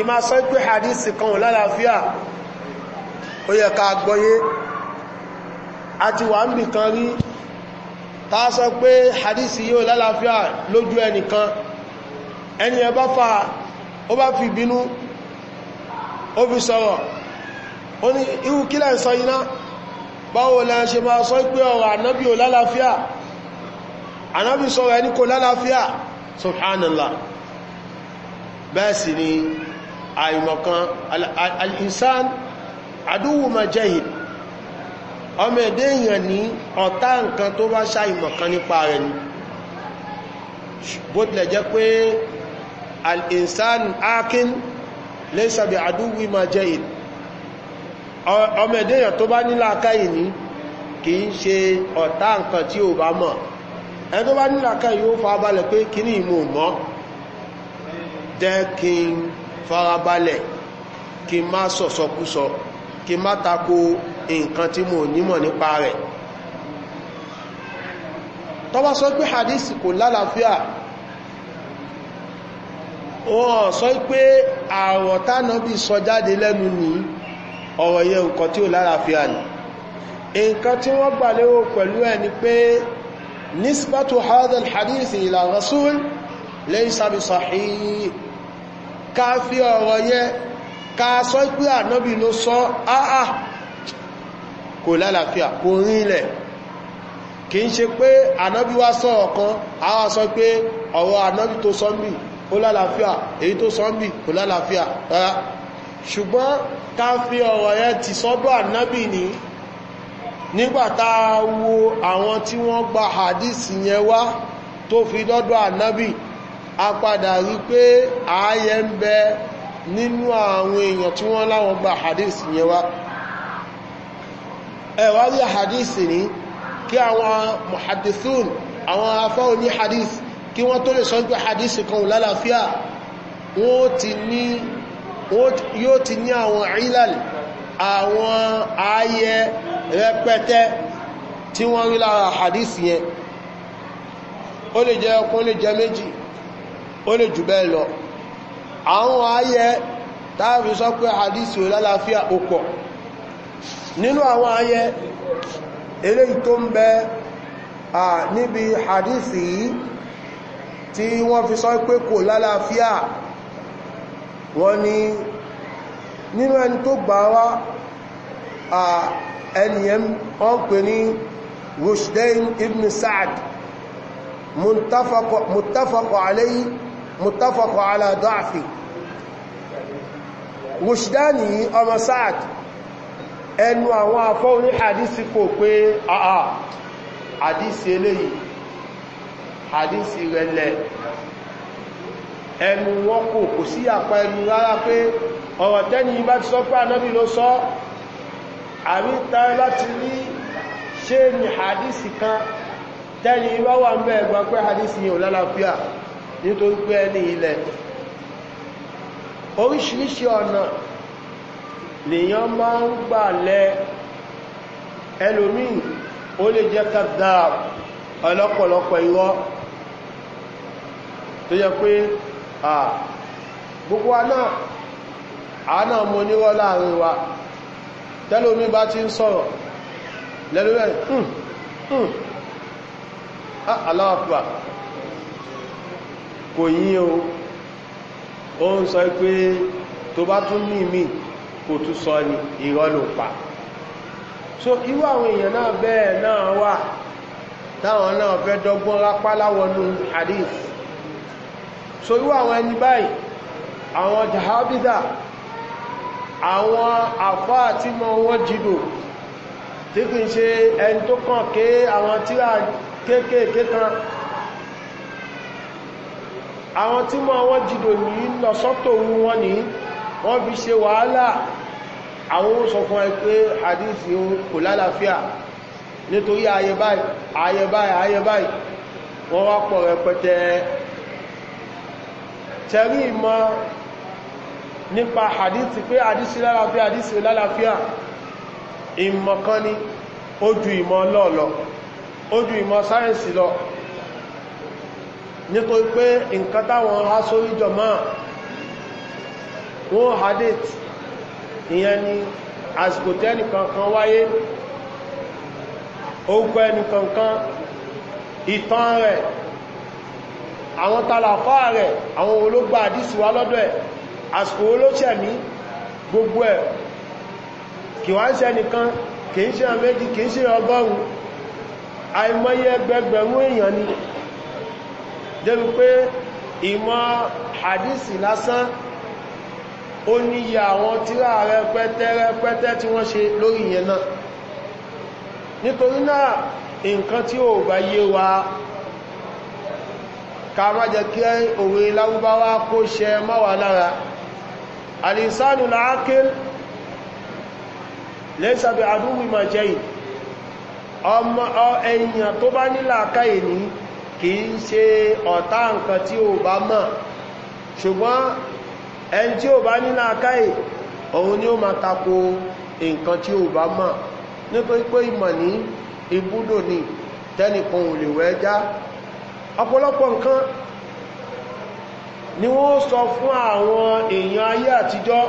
ìmá sọ pé hadisi kan lálàáfíà ó yẹ ká gbọ́yé a ti wà ń bì kan rí ta sọ pé hadisi yóò lálàáfíà lójú ẹnìkan ẹni ẹ bá fa ó bá fi bínú ó fi sọ̀rọ̀ ó ní irú kílẹ̀ ń sọ iná báwo lẹ́ ṣe máa sọ pé ọ̀rọ̀ ànábì ò lálàáfíà ànábì sọ̀rọ̀ ẹni kò lálàáfíà subhanallah bẹ́ẹ̀ sì ni àìmọ̀kan al-insan al àdúwò ma jẹ́hìn ọmọ ẹ̀dẹ́ èèyàn ní ọ̀tá nǹkan tó bá ṣàìmọ̀ kan nípa rẹ̀ ni bó tilẹ̀ jẹ́ pé al-insan akin lẹ́sàbẹ̀ àdúwò ma jẹ́hìn ọmọ ẹ̀dẹ́ èèyàn tó bá nílá akáyì ní kìí ṣe ọ̀tá nǹkan tí ò bá mọ̀ ẹ tó bá nílá akáyì ó fa balẹ̀ pé kíní ìmọ̀ mọ́ jẹ́ farabalẹ̀ kí n má sọ̀sọ̀kúsọ so, so, kí má tako nǹkan tí mo nímọ̀ nípa rẹ̀ tọ́wọ́ sọ pé hadith kò lálàáfíà wọ́n sọ pé àrọ̀ tánàbí sọ jáde lẹ́nu ní ọ̀rọ̀ yẹ nǹkan tí ó lálàáfíà ní nǹkan tí wọ́n gbà lérò pẹ̀lú ẹ̀ ni pé nisbatu hadal hadith ila rasul lẹ́yìn sábisahí ká sọ pé ànábì ló sọ áá kò lálàáfíà kò rínlẹ̀ kì ń ṣe pé ànábì wá sọ ọ̀kan àwá sọ pé ọ̀rọ̀ ànábì tó sọ ń bì ó lálàáfíà èyí tó sọ ń bì kò lálàáfíà rárá ṣùgbọ́n ká fi ọ̀rọ̀ yẹn ti sọ́dọ̀ ànábì ní nígbàtá wo àwọn tí wọ́n gba hadisi yẹn wá tó fi lọ́dọ̀ ànábì a padà rí pé ààyẹ ń bẹ nínú àwọn èèyàn tí wọ́n láwọn gba hadith yẹn wá ẹ̀wà rí hadith ní kí àwọn muhadithun àwọn afọ́ ní hadith kí wọ́n tó lè sọ pé hadith kan lálàáfíà wọ́n ti yóò ti ní àwọn ìlàlì àwọn ayẹ rẹpẹtẹ tí wọ́n rí lára hadith yẹn ó lè jẹ́ ọkùn ó lè jẹ́ méjì ó lè jù bẹ́ẹ̀ lọ àwọn ayẹ táàbí sọ pé àdísì ò lálàáfíà ó pọ̀ nínú àwọn ayẹ eléyìí tó ń bẹ níbi àdísì yìí tí wọ́n fi sọ pé kò lálàáfíà wọ́n ni nínú ẹni tó gbà wá ẹniyàn wọ́n pè ní rushdain ibn sa'ad muttafaq alayhi mutafakọ̀ aláàdáàfi wùsùdánì ọmọ sáàd ẹnu àwọn afọ́ orí hadisi kò pé àà hadisi eléyìí hadisi rẹlẹ̀ ẹnu wọn kò kò sí àpá ẹnu rárá pé ọ̀rọ̀ tẹ́ni bá ti sọ pé ànábì ló sọ àríta láti ní ṣe ni hadisi kan tẹ́ni bá wà mẹ́ pé hadisi yìí ò lálàáfíà nítorí pé ẹni ilẹ̀ oríṣiríṣi ọ̀nà lèyàn máa ń gbà lẹ ẹlòmíì ó lè jẹ́ kàdà ọlọ́pọ̀lọpọ̀ irọ́ tó yẹ pé à gbogbo aná àánà mo nírọ́ láàrin wa tẹ́lómi bá ti ń sọ̀rọ̀ lẹ́lúrẹ́ hmm, hmm, ah, aláwọ̀pàá kò yí o ó ń sọ pé tó bá tún ní ìmí kò tún sọ ní ìrọ́lù pa so irú àwọn èèyàn náà bẹ́ẹ̀ náà wà táwọn náà fẹ́ dọ́gbọ́n rápá láwọnú hadith so irú àwọn ẹni báyìí àwọn jahabida àwọn àfá tí mọ wọ́n jìdò tí kìí ṣe ẹni tó kàn ké àwọn tíra kéékèèké kan àwọn tí mọ́ wọ́n jìdò ní lọ sọ́tò wọn ní wọ́n fi ṣe wàhálà àwọn sọ fún ẹ pé àdíṣì kò lálàáfíà nítorí ayẹ báyìí ayẹ báyìí ayẹ báyìí wọ́n wá pọ̀ rẹpẹtẹ tẹ̀rí ìmọ̀ nípa àdíṣì pé àdíṣì lálàáfíà àdíṣì lálàáfíà ìmọ̀ kan ni ó ju ìmọ̀ lọ́ọ̀lọ́ ó ju ìmọ̀ sáyẹ̀nsì lọ nítorí pé nǹkan táwọn aṣórí jọmọ́ wọ́n hadith ìyẹn ni àsìkò tẹ́nì kankan wáyé orúkọ ẹni kankan ìtàn rẹ̀ àwọn tàlàfà rẹ̀ àwọn ológbà àdísíwá lọ́dọ̀ ẹ̀ àsìkò olóṣẹ̀mí gbogbo ẹ̀ kì wá ń ṣe nìkan kì ń ṣe àmẹ́jì kì ṣe ọgọ́rùn-ún àìmọye ẹgbẹgbẹ̀rún èèyàn ni débi pé ìmọ̀ hadisi lásán ó ya àwọn tíra rẹpẹtẹ rẹpẹtẹ tí wọ́n ṣe lórí yẹn náà nítorí náà nǹkan tí ó bá yé wa ká má jẹ kí òwe lárúbáwá kó ṣe máwà lára alìsánù láákìl lẹ́sàbẹ̀ àdúgbìmọ̀ jẹ́ ọmọ ẹ̀yàn tó bá nílà káyè ní kì í ṣe ọ̀tá nǹkan tí ó bá mọ̀ ṣùgbọ́n ẹni tí ó bá nílá káì òun ni ó ma tako nǹkan tí ó bá mọ̀ nípépé ìmọ̀ ní ibúdò ní tẹ́nìkan ò lè wẹ́já ọ̀pọ̀lọpọ̀ nǹkan ni wọ́n sọ fún àwọn èèyàn ayé àtijọ́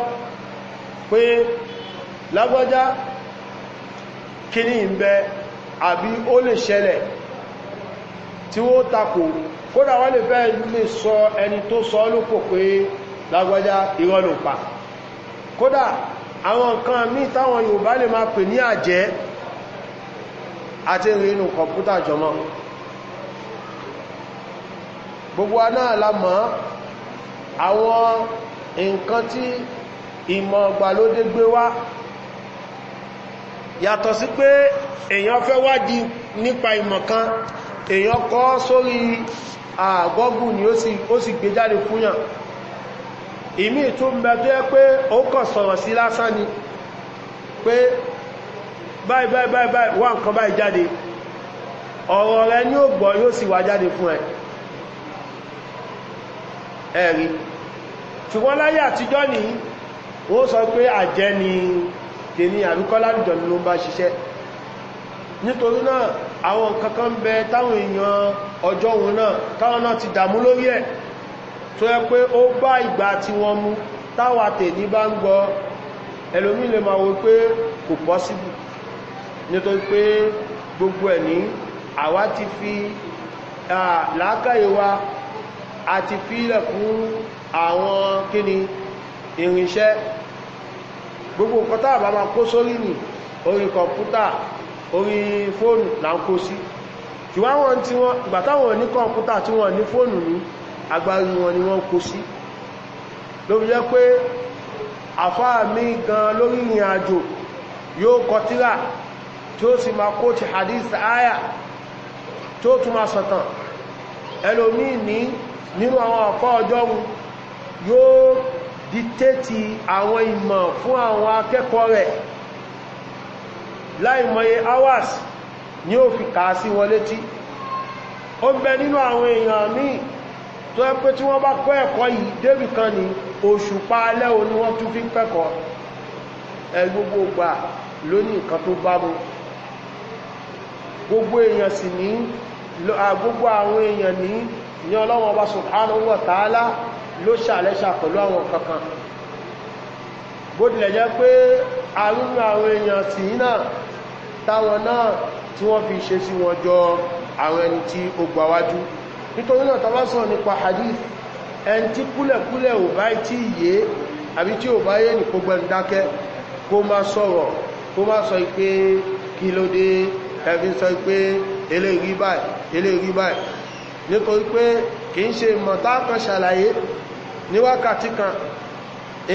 pé lágbọ́já kí ní ìbẹ àbí ó lè ṣẹlẹ̀ tí ó takò kódà wọ́n lè fẹ́ lè sọ ẹni tó sọ lópò pé lágbàjá ìrọlù pa kódà àwọn nǹkan mí táwọn Yorùbá lè máa pè ní àjẹ́ àti ìrìnù kọ̀pútà jọmọ́ gbogbo náà la mọ̀ àwọn nǹkan tí ìmọ̀ ọgbàlódé gbé wá yàtọ̀ sí pé èèyàn fẹ́ wádìí nípa ìmọ̀ kan èèyàn kọ́ sórí àgọ́gù ni ó sì gbé jáde fúnyàn ìmí tó ń bẹ tó yẹ pé ó kàn sọ̀rọ̀ sí lásán ni pé báyìí báyìí báyìí báyìí wà nǹkan báyìí jáde ọ̀rọ̀ rẹ ní ó gbọ́ yóò sì wá jáde fún ẹ ẹ̀rí ṣùgbọ́n láyé àtijọ́ ní wọ́n sọ pé àjẹ́ ni tèmi àríkọ́lá ni ló ń bá ṣiṣẹ́ nítorí náà àwọn kankan bẹ táwọn èèyàn ọjọ́ òun náà táwọn náà ti dàmú lórí ẹ̀ tó yẹ pé ó bá ìgbà tí wọ́n mú táwà tèní bá ń gbọ́ ẹlòmí lè máa wo pé kò pọ́síbù nítorí pé gbogbo ẹ̀ ní àwa ti fi làákàyè wa àti fílẹ̀ fún àwọn kíni irinṣẹ́ gbogbo nǹkan táàbà máa kó sórí nì orí kọ̀ǹpútà orí fóònù là ń kó sí ṣùgbọ́n àwọn tí wọ́n ìgbà táwọn ní kọ̀ǹpútà tí wọ́n ní fóònù ní agbárí wọn ni wọ́n kó sí lórí jẹ́ pé àfáà mi gan lórí ìrìn àjò yóò kọtíra tí ó sì máa kó ti hadith aya tó tún máa sọ̀tàn ẹlòmí ní nínú àwọn ọ̀kọ́ ọjọ́run yóò dìtẹ́tì àwọn ìmọ̀ fún àwọn akẹ́kọ̀ọ́ rẹ̀ láìmọye hours ni ó fi kàá sí wọn létí ó bẹ nínú àwọn èèyàn míì tó ẹ pé tí wọ́n bá kọ́ ẹ̀kọ́ yìí débì kan ní òṣùpá alẹ́ o ni wọ́n tún fi ń kẹ́kọ̀ọ́ ẹ gbogbo gbà lónìí nǹkan tó bá mú gbogbo èèyàn sì ní gbogbo àwọn èèyàn ní ní ọlọ́wọ́n ọba subhanahu wa ta'ala ló ṣàlẹ́ṣà pẹ̀lú àwọn kankan bó tilẹ̀ jẹ́ pé arúgbó àwọn èèyàn sì náà táwọn náà tí wọ́n fi ṣe sí wọn jọ àwọn ẹni tí ó gbàwájú nítorí náà tàbá sọ nípa hadith ẹn tí kúlẹ̀kúlẹ̀ ò bá tí yé àbí tí ò bá yé ní kó gbẹ̀rún dákẹ́ kó má sọ̀rọ̀ kó má sọ pé kí ló dé ẹ̀fí sọ pé eléyìí báyìí báyìí nítorí pé kì í ṣe mọ̀tá kan ṣàlàyé ní wákàtí kan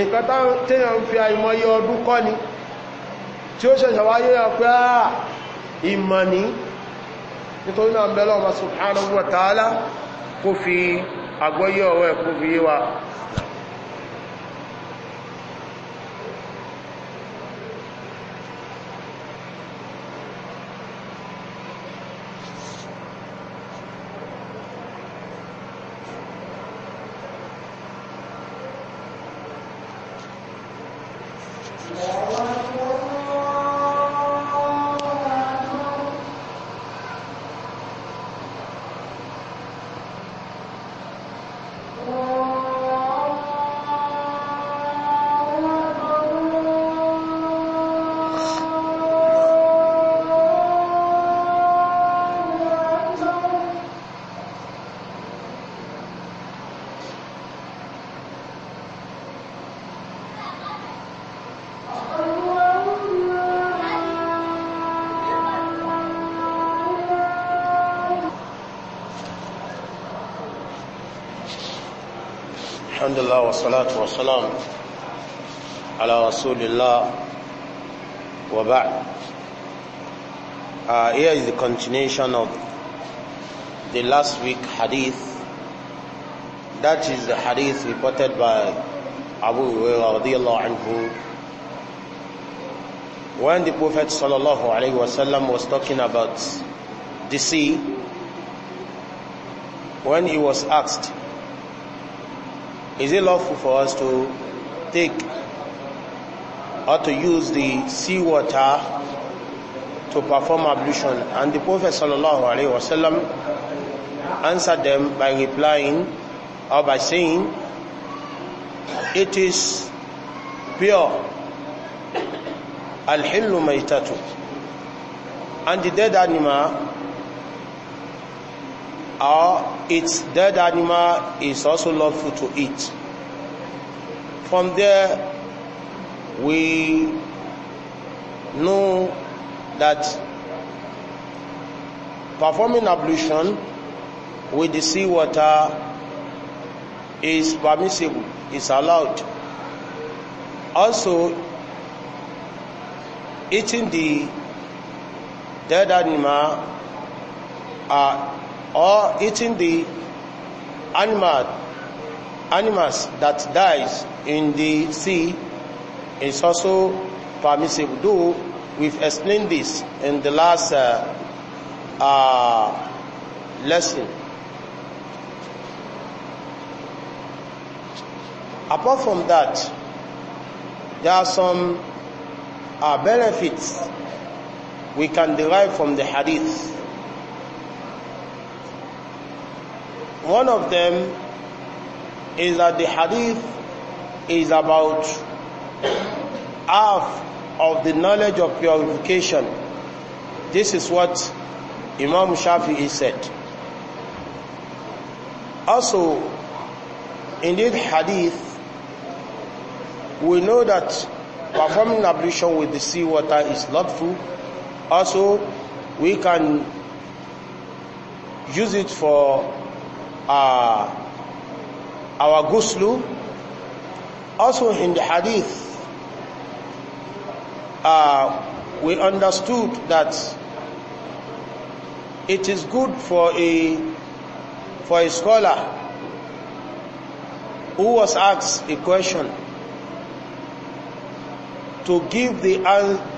nǹkan téèyàn ń fi àìmọye ọdún kọ́ ni tí ó ṣẹ̀ṣẹ̀ wáyé yà pé à ah, ìmọ̀ ní nítorí náà bẹ́lọ́ ọmọ subhanahu wa ta'ala kó fi àgbọ́yé ọ̀rọ̀ ẹ̀kú fi yé والصلاة والسلام على رسول الله وبعد uh, here is the continuation of the last week hadith that is the hadith reported by Abu Hurairah radiallahu anhu when the Prophet sallallahu alaihi wasallam was talking about the sea when he was asked is it lawful for us to take or to use the sea water to perform ablution? And the Prophet wasallam answered them by replying or by saying, It is pure. Al-Hillu Maitatu. And the dead animal or its dead animal is also lawful to eat. From there, we know that performing ablution with the seawater is permissible, is allowed. Also, eating the dead animal are or eating the animal animals that dies in the sea is also permissible though we've explained this in the last uh, uh, lesson apart from that there are some uh, benefits we can derive from the hadith One of them is that the hadith is about half of the knowledge of purification. This is what Imam Shafi'i said. Also, in this hadith, we know that performing ablution with the seawater is lawful. Also, we can use it for Uh, our ghusl also in the hadith uh, we understood that it is good for a for a scholar who was asked a question to give the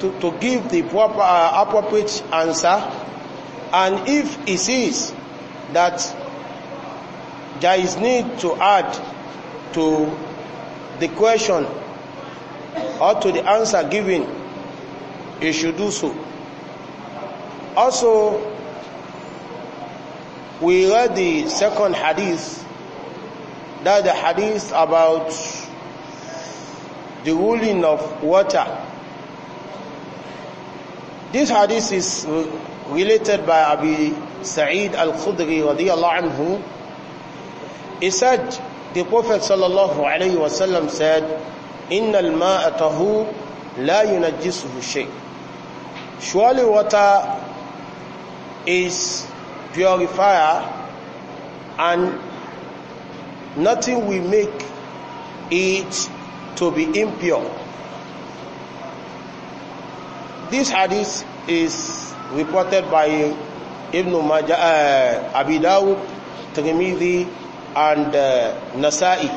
to, to give the proper uh, appropriate answer and if he sees that there is need to add to the question or to the answer given you should do so also we read the second hadith that the hadith about the ruling of water this hadith is related by Abi Sa'id al-Khudri radiyallahu anhu He said, the Prophet sallallahu alayhi wa sallam said, Inna al-ma'a tahur la yunajjisuhu shay. Surely water is purifier and nothing will make it to be impure. This hadith is reported by Ibn Majah, uh, Abi Tirmidhi, and uh, Nasa'i.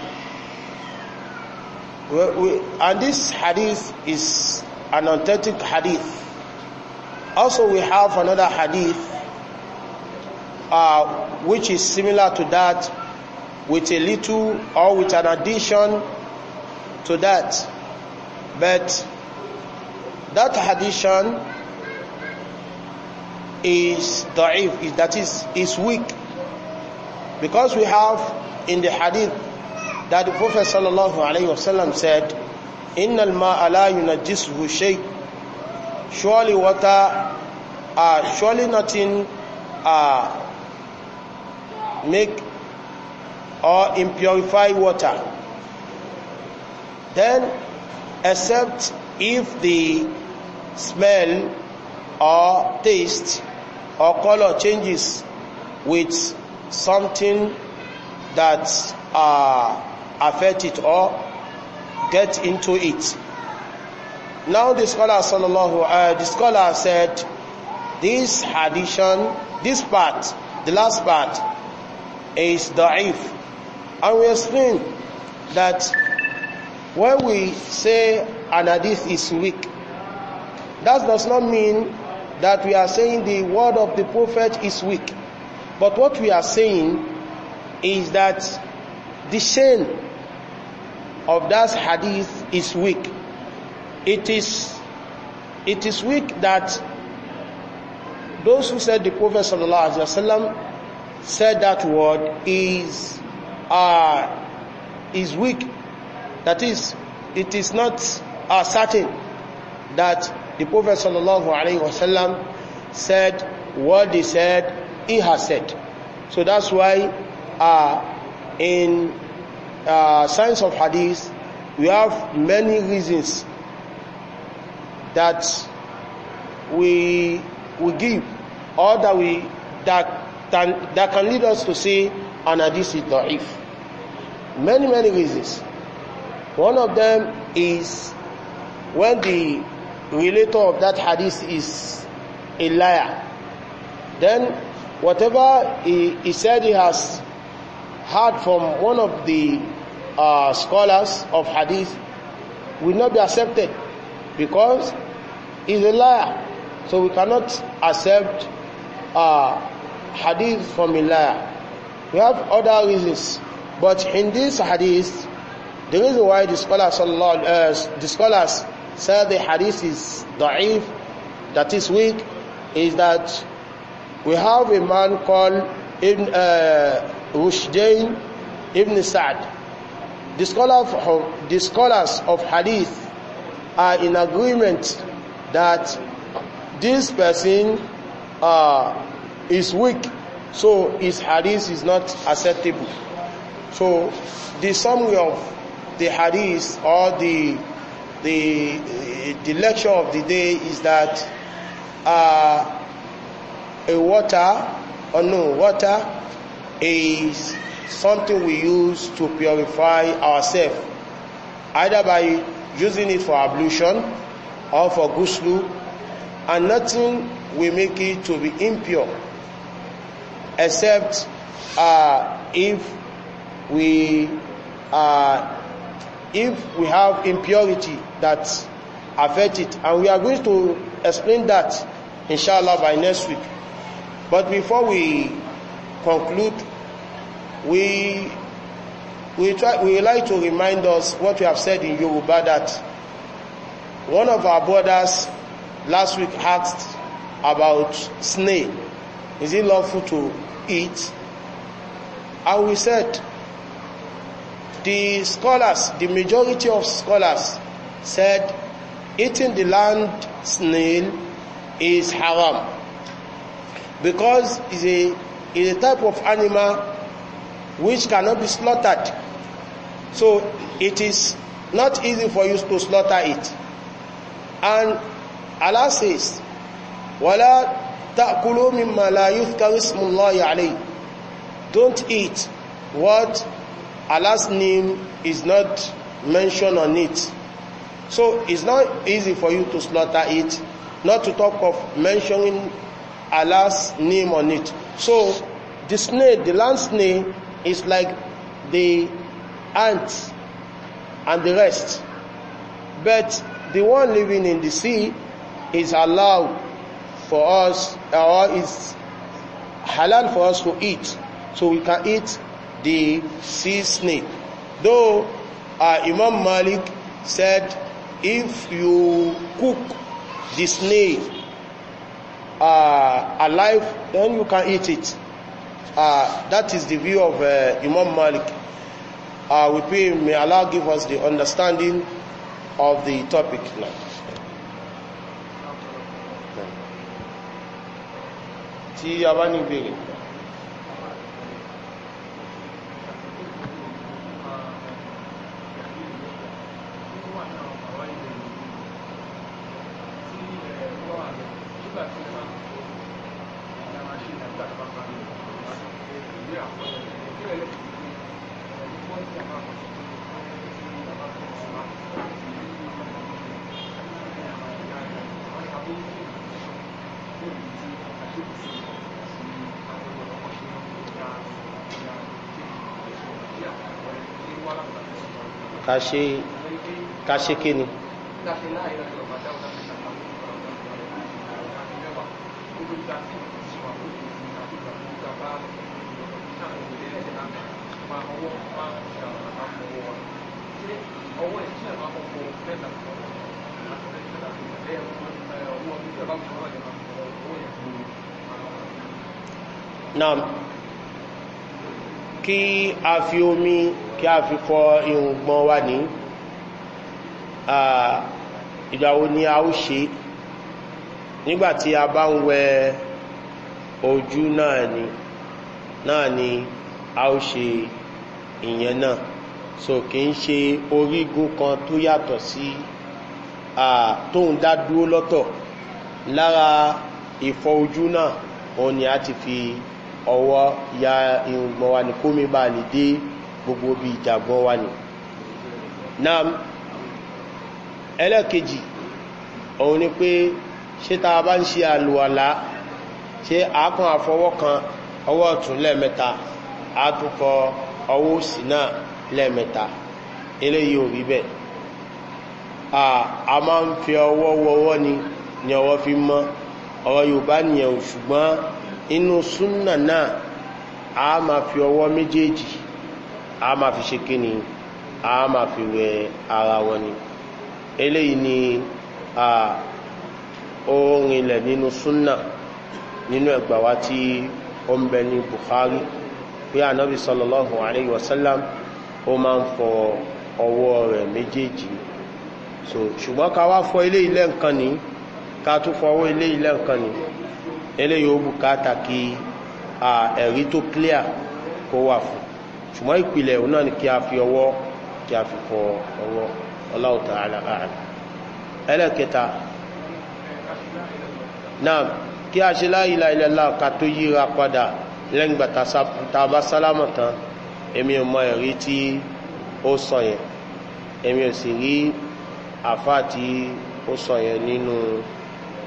And this hadith is an authentic hadith. Also, we have another hadith uh, which is similar to that with a little or with an addition to that. But that addition is da'if, that is, is weak. Because we have in the hadith that the Prophet sallallahu alayhi wasallam said, Inna al-ma'a la yunajjisuhu shay. Surely water, uh, surely nothing uh, make or impurify water. Then, except if the smell or taste or color changes with something that uh, affect it or get into it. Now the scholar, sallallahu, uh, the scholar said, this addition, this part, the last part, is da'if. And we explain that when we say an hadith is weak, that does not mean that we are saying the word of the prophet is weak. But what we are saying is that the chain of that hadith is weak. It is, it is weak that those who said the Prophet ﷺ said that word is, uh, is weak. That is, it is not uh, certain that the Prophet ﷺ said what he said he has said so that's why uh, in uh, science of hadith we have many reasons that we we give or that we that that, that can lead us to say an hadith is da'if many many reasons one of them is when the relator of that hadith is a liar then whatever he, he said he has heard from one of the uh, scholars of hadith will not be accepted because he's a liar so we cannot accept uh, hadith from a liar we have other reasons but in this hadith the reason why the scholars, uh, the scholars said the hadith is da'if that is weak is that we have a man called Ibn uh, Rushdain Ibn Sa'd. The, scholar the scholars of Hadith are in agreement that this person uh, is weak, so his Hadith is not acceptable. So the summary of the Hadith or the the the lecture of the day is that. Uh, a water or no water is something we use to purify ourselves either by using it for ablution or for ghusl and nothing will make it to be impure except uh, if we uh, if we have impurity that affect it and we are going to explain that inshallah by next week But before we conclude, we we try we like to remind us what we have said in Yoruba that one of our brothers last week asked about snail. Is it lawful to eat? And we said the scholars, the majority of scholars said eating the land snail is haram because it's a, it's a type of animal which cannot be slaughtered. So it is not easy for you to slaughter it. And Allah says, "Wala تَأْكُلُوا مِمَّا لَا يُذْكَرِ اسْمُ اللَّهِ عَلَيْهِ Don't eat what Allah's name is not mentioned on it. So it's not easy for you to slaughter it, not to talk of mentioning Allah's name on it. So the snake, the land snake, is like the ant and the rest. But the one living in the sea is allowed for us, or is halal for us to eat. So we can eat the sea snake. Though uh, Imam Malik said, if you cook the snake uh, alive then you can eat it uh, that is the view of uh, imam malik uh, we pray may allah give us the understanding of the topic now tí a bá ní ìbéèrè ṣe ká ṣe ké ni. Naam kí a fi omi kí a fi fọ ihun gbọ́n wà ní ìgbàwo ni a ó ṣe nígbàtí a bá ń wẹ ojú náà ni náà ni a ó ṣe ìyẹn náà so kì ń ṣe orígun kan tó yàtọ̀ sí tóun dá dúró lọ́tọ̀ lára ìfọ ojú náà òun ni a ti fi ọwọ́ ya irùngbọ̀n wa ní kómi bá lè dé gbogbo bí ìjàbọ̀ wà ní náà ẹlẹ́kejì òun ni pé ṣe ta bá ń ṣe àlùwàlá ṣe àákan àfọwọ́ kan ọwọ́ ọ̀tún lẹ́ẹ̀mẹ́ta àtúkọ ọwọ́ òsì náà lẹ́ẹ̀mẹ́ta eléyìí ò rí bẹ́ẹ̀ a máa ń fi ọwọ́ wọwọ́ ni ni ọwọ́ fi mọ́ ọwọ́ yorùbá nìyẹn ṣùgbọ́n inú súnnà náà a máa fi ọwọ́ méjèèjì a máa fi ṣe kíni a máa fi wẹ ara wọn ni eléyìí ni orin ilẹ̀ nínú súnà nínú ẹgbà wa tí ó ń bẹ ní buhari pé ànábì sallallahu alayhi wa ó máa ń fọ ọwọ́ rẹ̀ méjèèjì so ṣùgbọ́n ká wá fọ ilé ilẹ̀ nǹkan ni ká tún fọwọ́ ilé ilẹ̀ nǹkan ni eléyìí ó bùkátà kí ẹ̀rí tó ṣùgbọ́n ìpìlẹ̀ òun náà ni kí a fi ọwọ́ kí a fi fọ ọwọ́ Allahu ta'ala ẹlẹ́kẹta náà kí a ṣe la ilaha illallah tó yíra padà lẹ́yìngbà tàbá sálámà èmi ò mọ ẹ̀rí tí ó sọ yẹn èmi ò sì rí àfá tí ó sọ yẹn nínú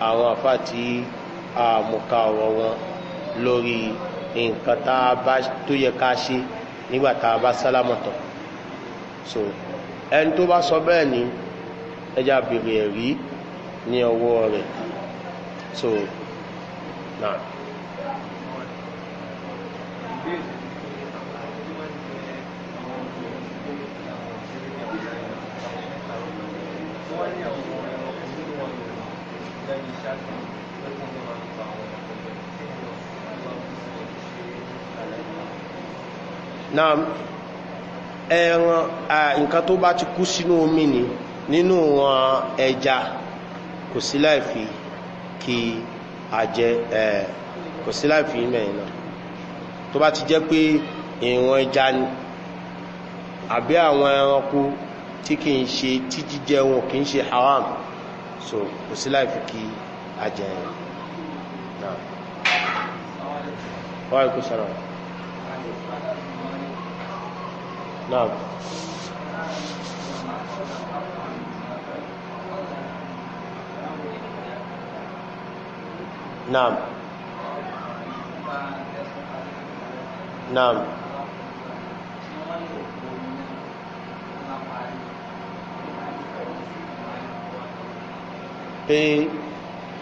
àwọn àfá tí a mọ̀ká ọ̀rọ̀ wọn lórí nǹkan tó yẹ ká ṣe nígbàtà bá sálámọ̀tọ̀ so ẹni tó bá sọ bẹ́ẹ̀ ni ẹjá bèèrè ẹ̀rí ní ọwọ́ rẹ̀ so náà náà ẹran nǹkan tó bá ti kú sínú omi ni nínú wọn ẹja kò sí láìfi kí àjẹ ẹ kò sí láìfi mẹ́rin náà tó bá ti jẹ́ pé ìwọ̀n ẹja ni àbí àwọn ẹranko tí kì í ṣe tí jíjẹ wọn kì í ṣe haram so kò sí láì fi kí ajẹ́ ẹ̀yìn náà wọ́n kò sọ̀rọ̀ náà naam naam pé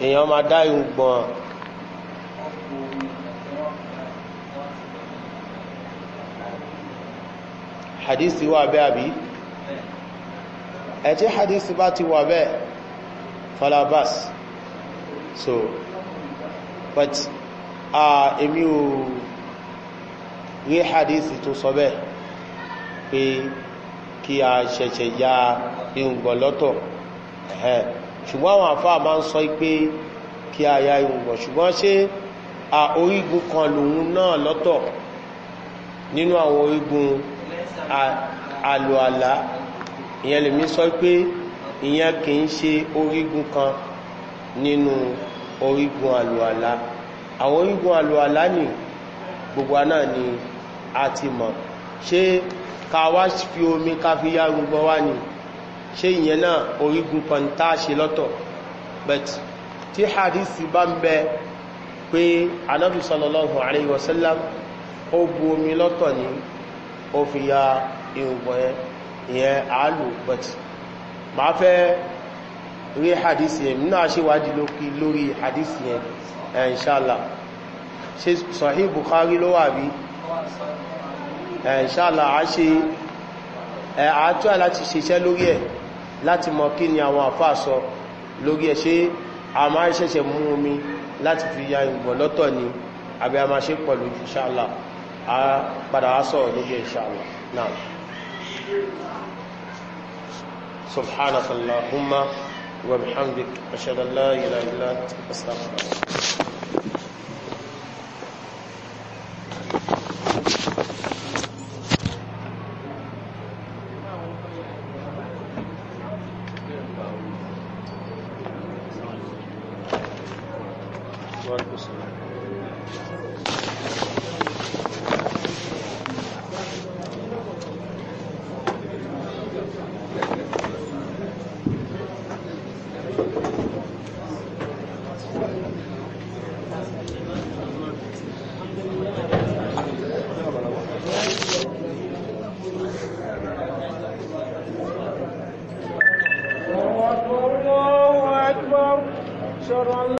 èèyàn máa dá ìhùn gbọ̀n hadith ti wà bẹ́ àbí ẹ̀tí hadith bá ti wà bẹ́ falabas so but a èmi ò rí hadith tó sọ bẹ́ pé kí a ṣẹ̀ṣẹ̀ ya ìhùngbọ̀n lọ́tọ̀ ẹ̀hẹ́ ṣùgbọ́n àwọn àfá ma ń sọ pé kí a ya ìhùngbọ̀n ṣùgbọ́n ṣe a orígun kan lòun náà lọ́tọ̀ nínú àwọn orígun àlùàlá ìyẹn lèmi sọ pé ìyẹn kì í ṣe orígun kan nínú orígun àlùàlá àwọn orígun àlùàlá ni gbogbo náà ni a ti mọ̀ ṣé ká wá fi omi ká fi yá rúgbọ́ wá ni ṣé ìyẹn náà orígun kan tá a ṣe lọ́tọ̀ but tí hadisi bá ń bẹ pé anábì sallallahu alaihi wasallam ó bu omi lọ́tọ̀ ni ó fi ya irùngbọ̀n yẹn ìyẹn àálù but ma fẹ́ rí hadisi yẹn náà ṣíwádìí lórí hadisi yẹn inshallah ṣe sahih bukhari ló wà bí inshallah a ṣe àátúwà láti ṣiṣẹ́ lórí ẹ̀ láti mọ̀ kí ni àwọn àfáà sọ lórí ẹ̀ ṣe a máa ṣẹ̀ṣẹ̀ mú omi láti fi ya ìgbọ̀n lọ́tọ̀ ni àbí a máa ṣe pọ̀lú inshallah a padà á sọ̀rọ̀ lókè ìṣàlọ̀ náà subhanaka allahumma wa bihamdik ashhadu an la ilaha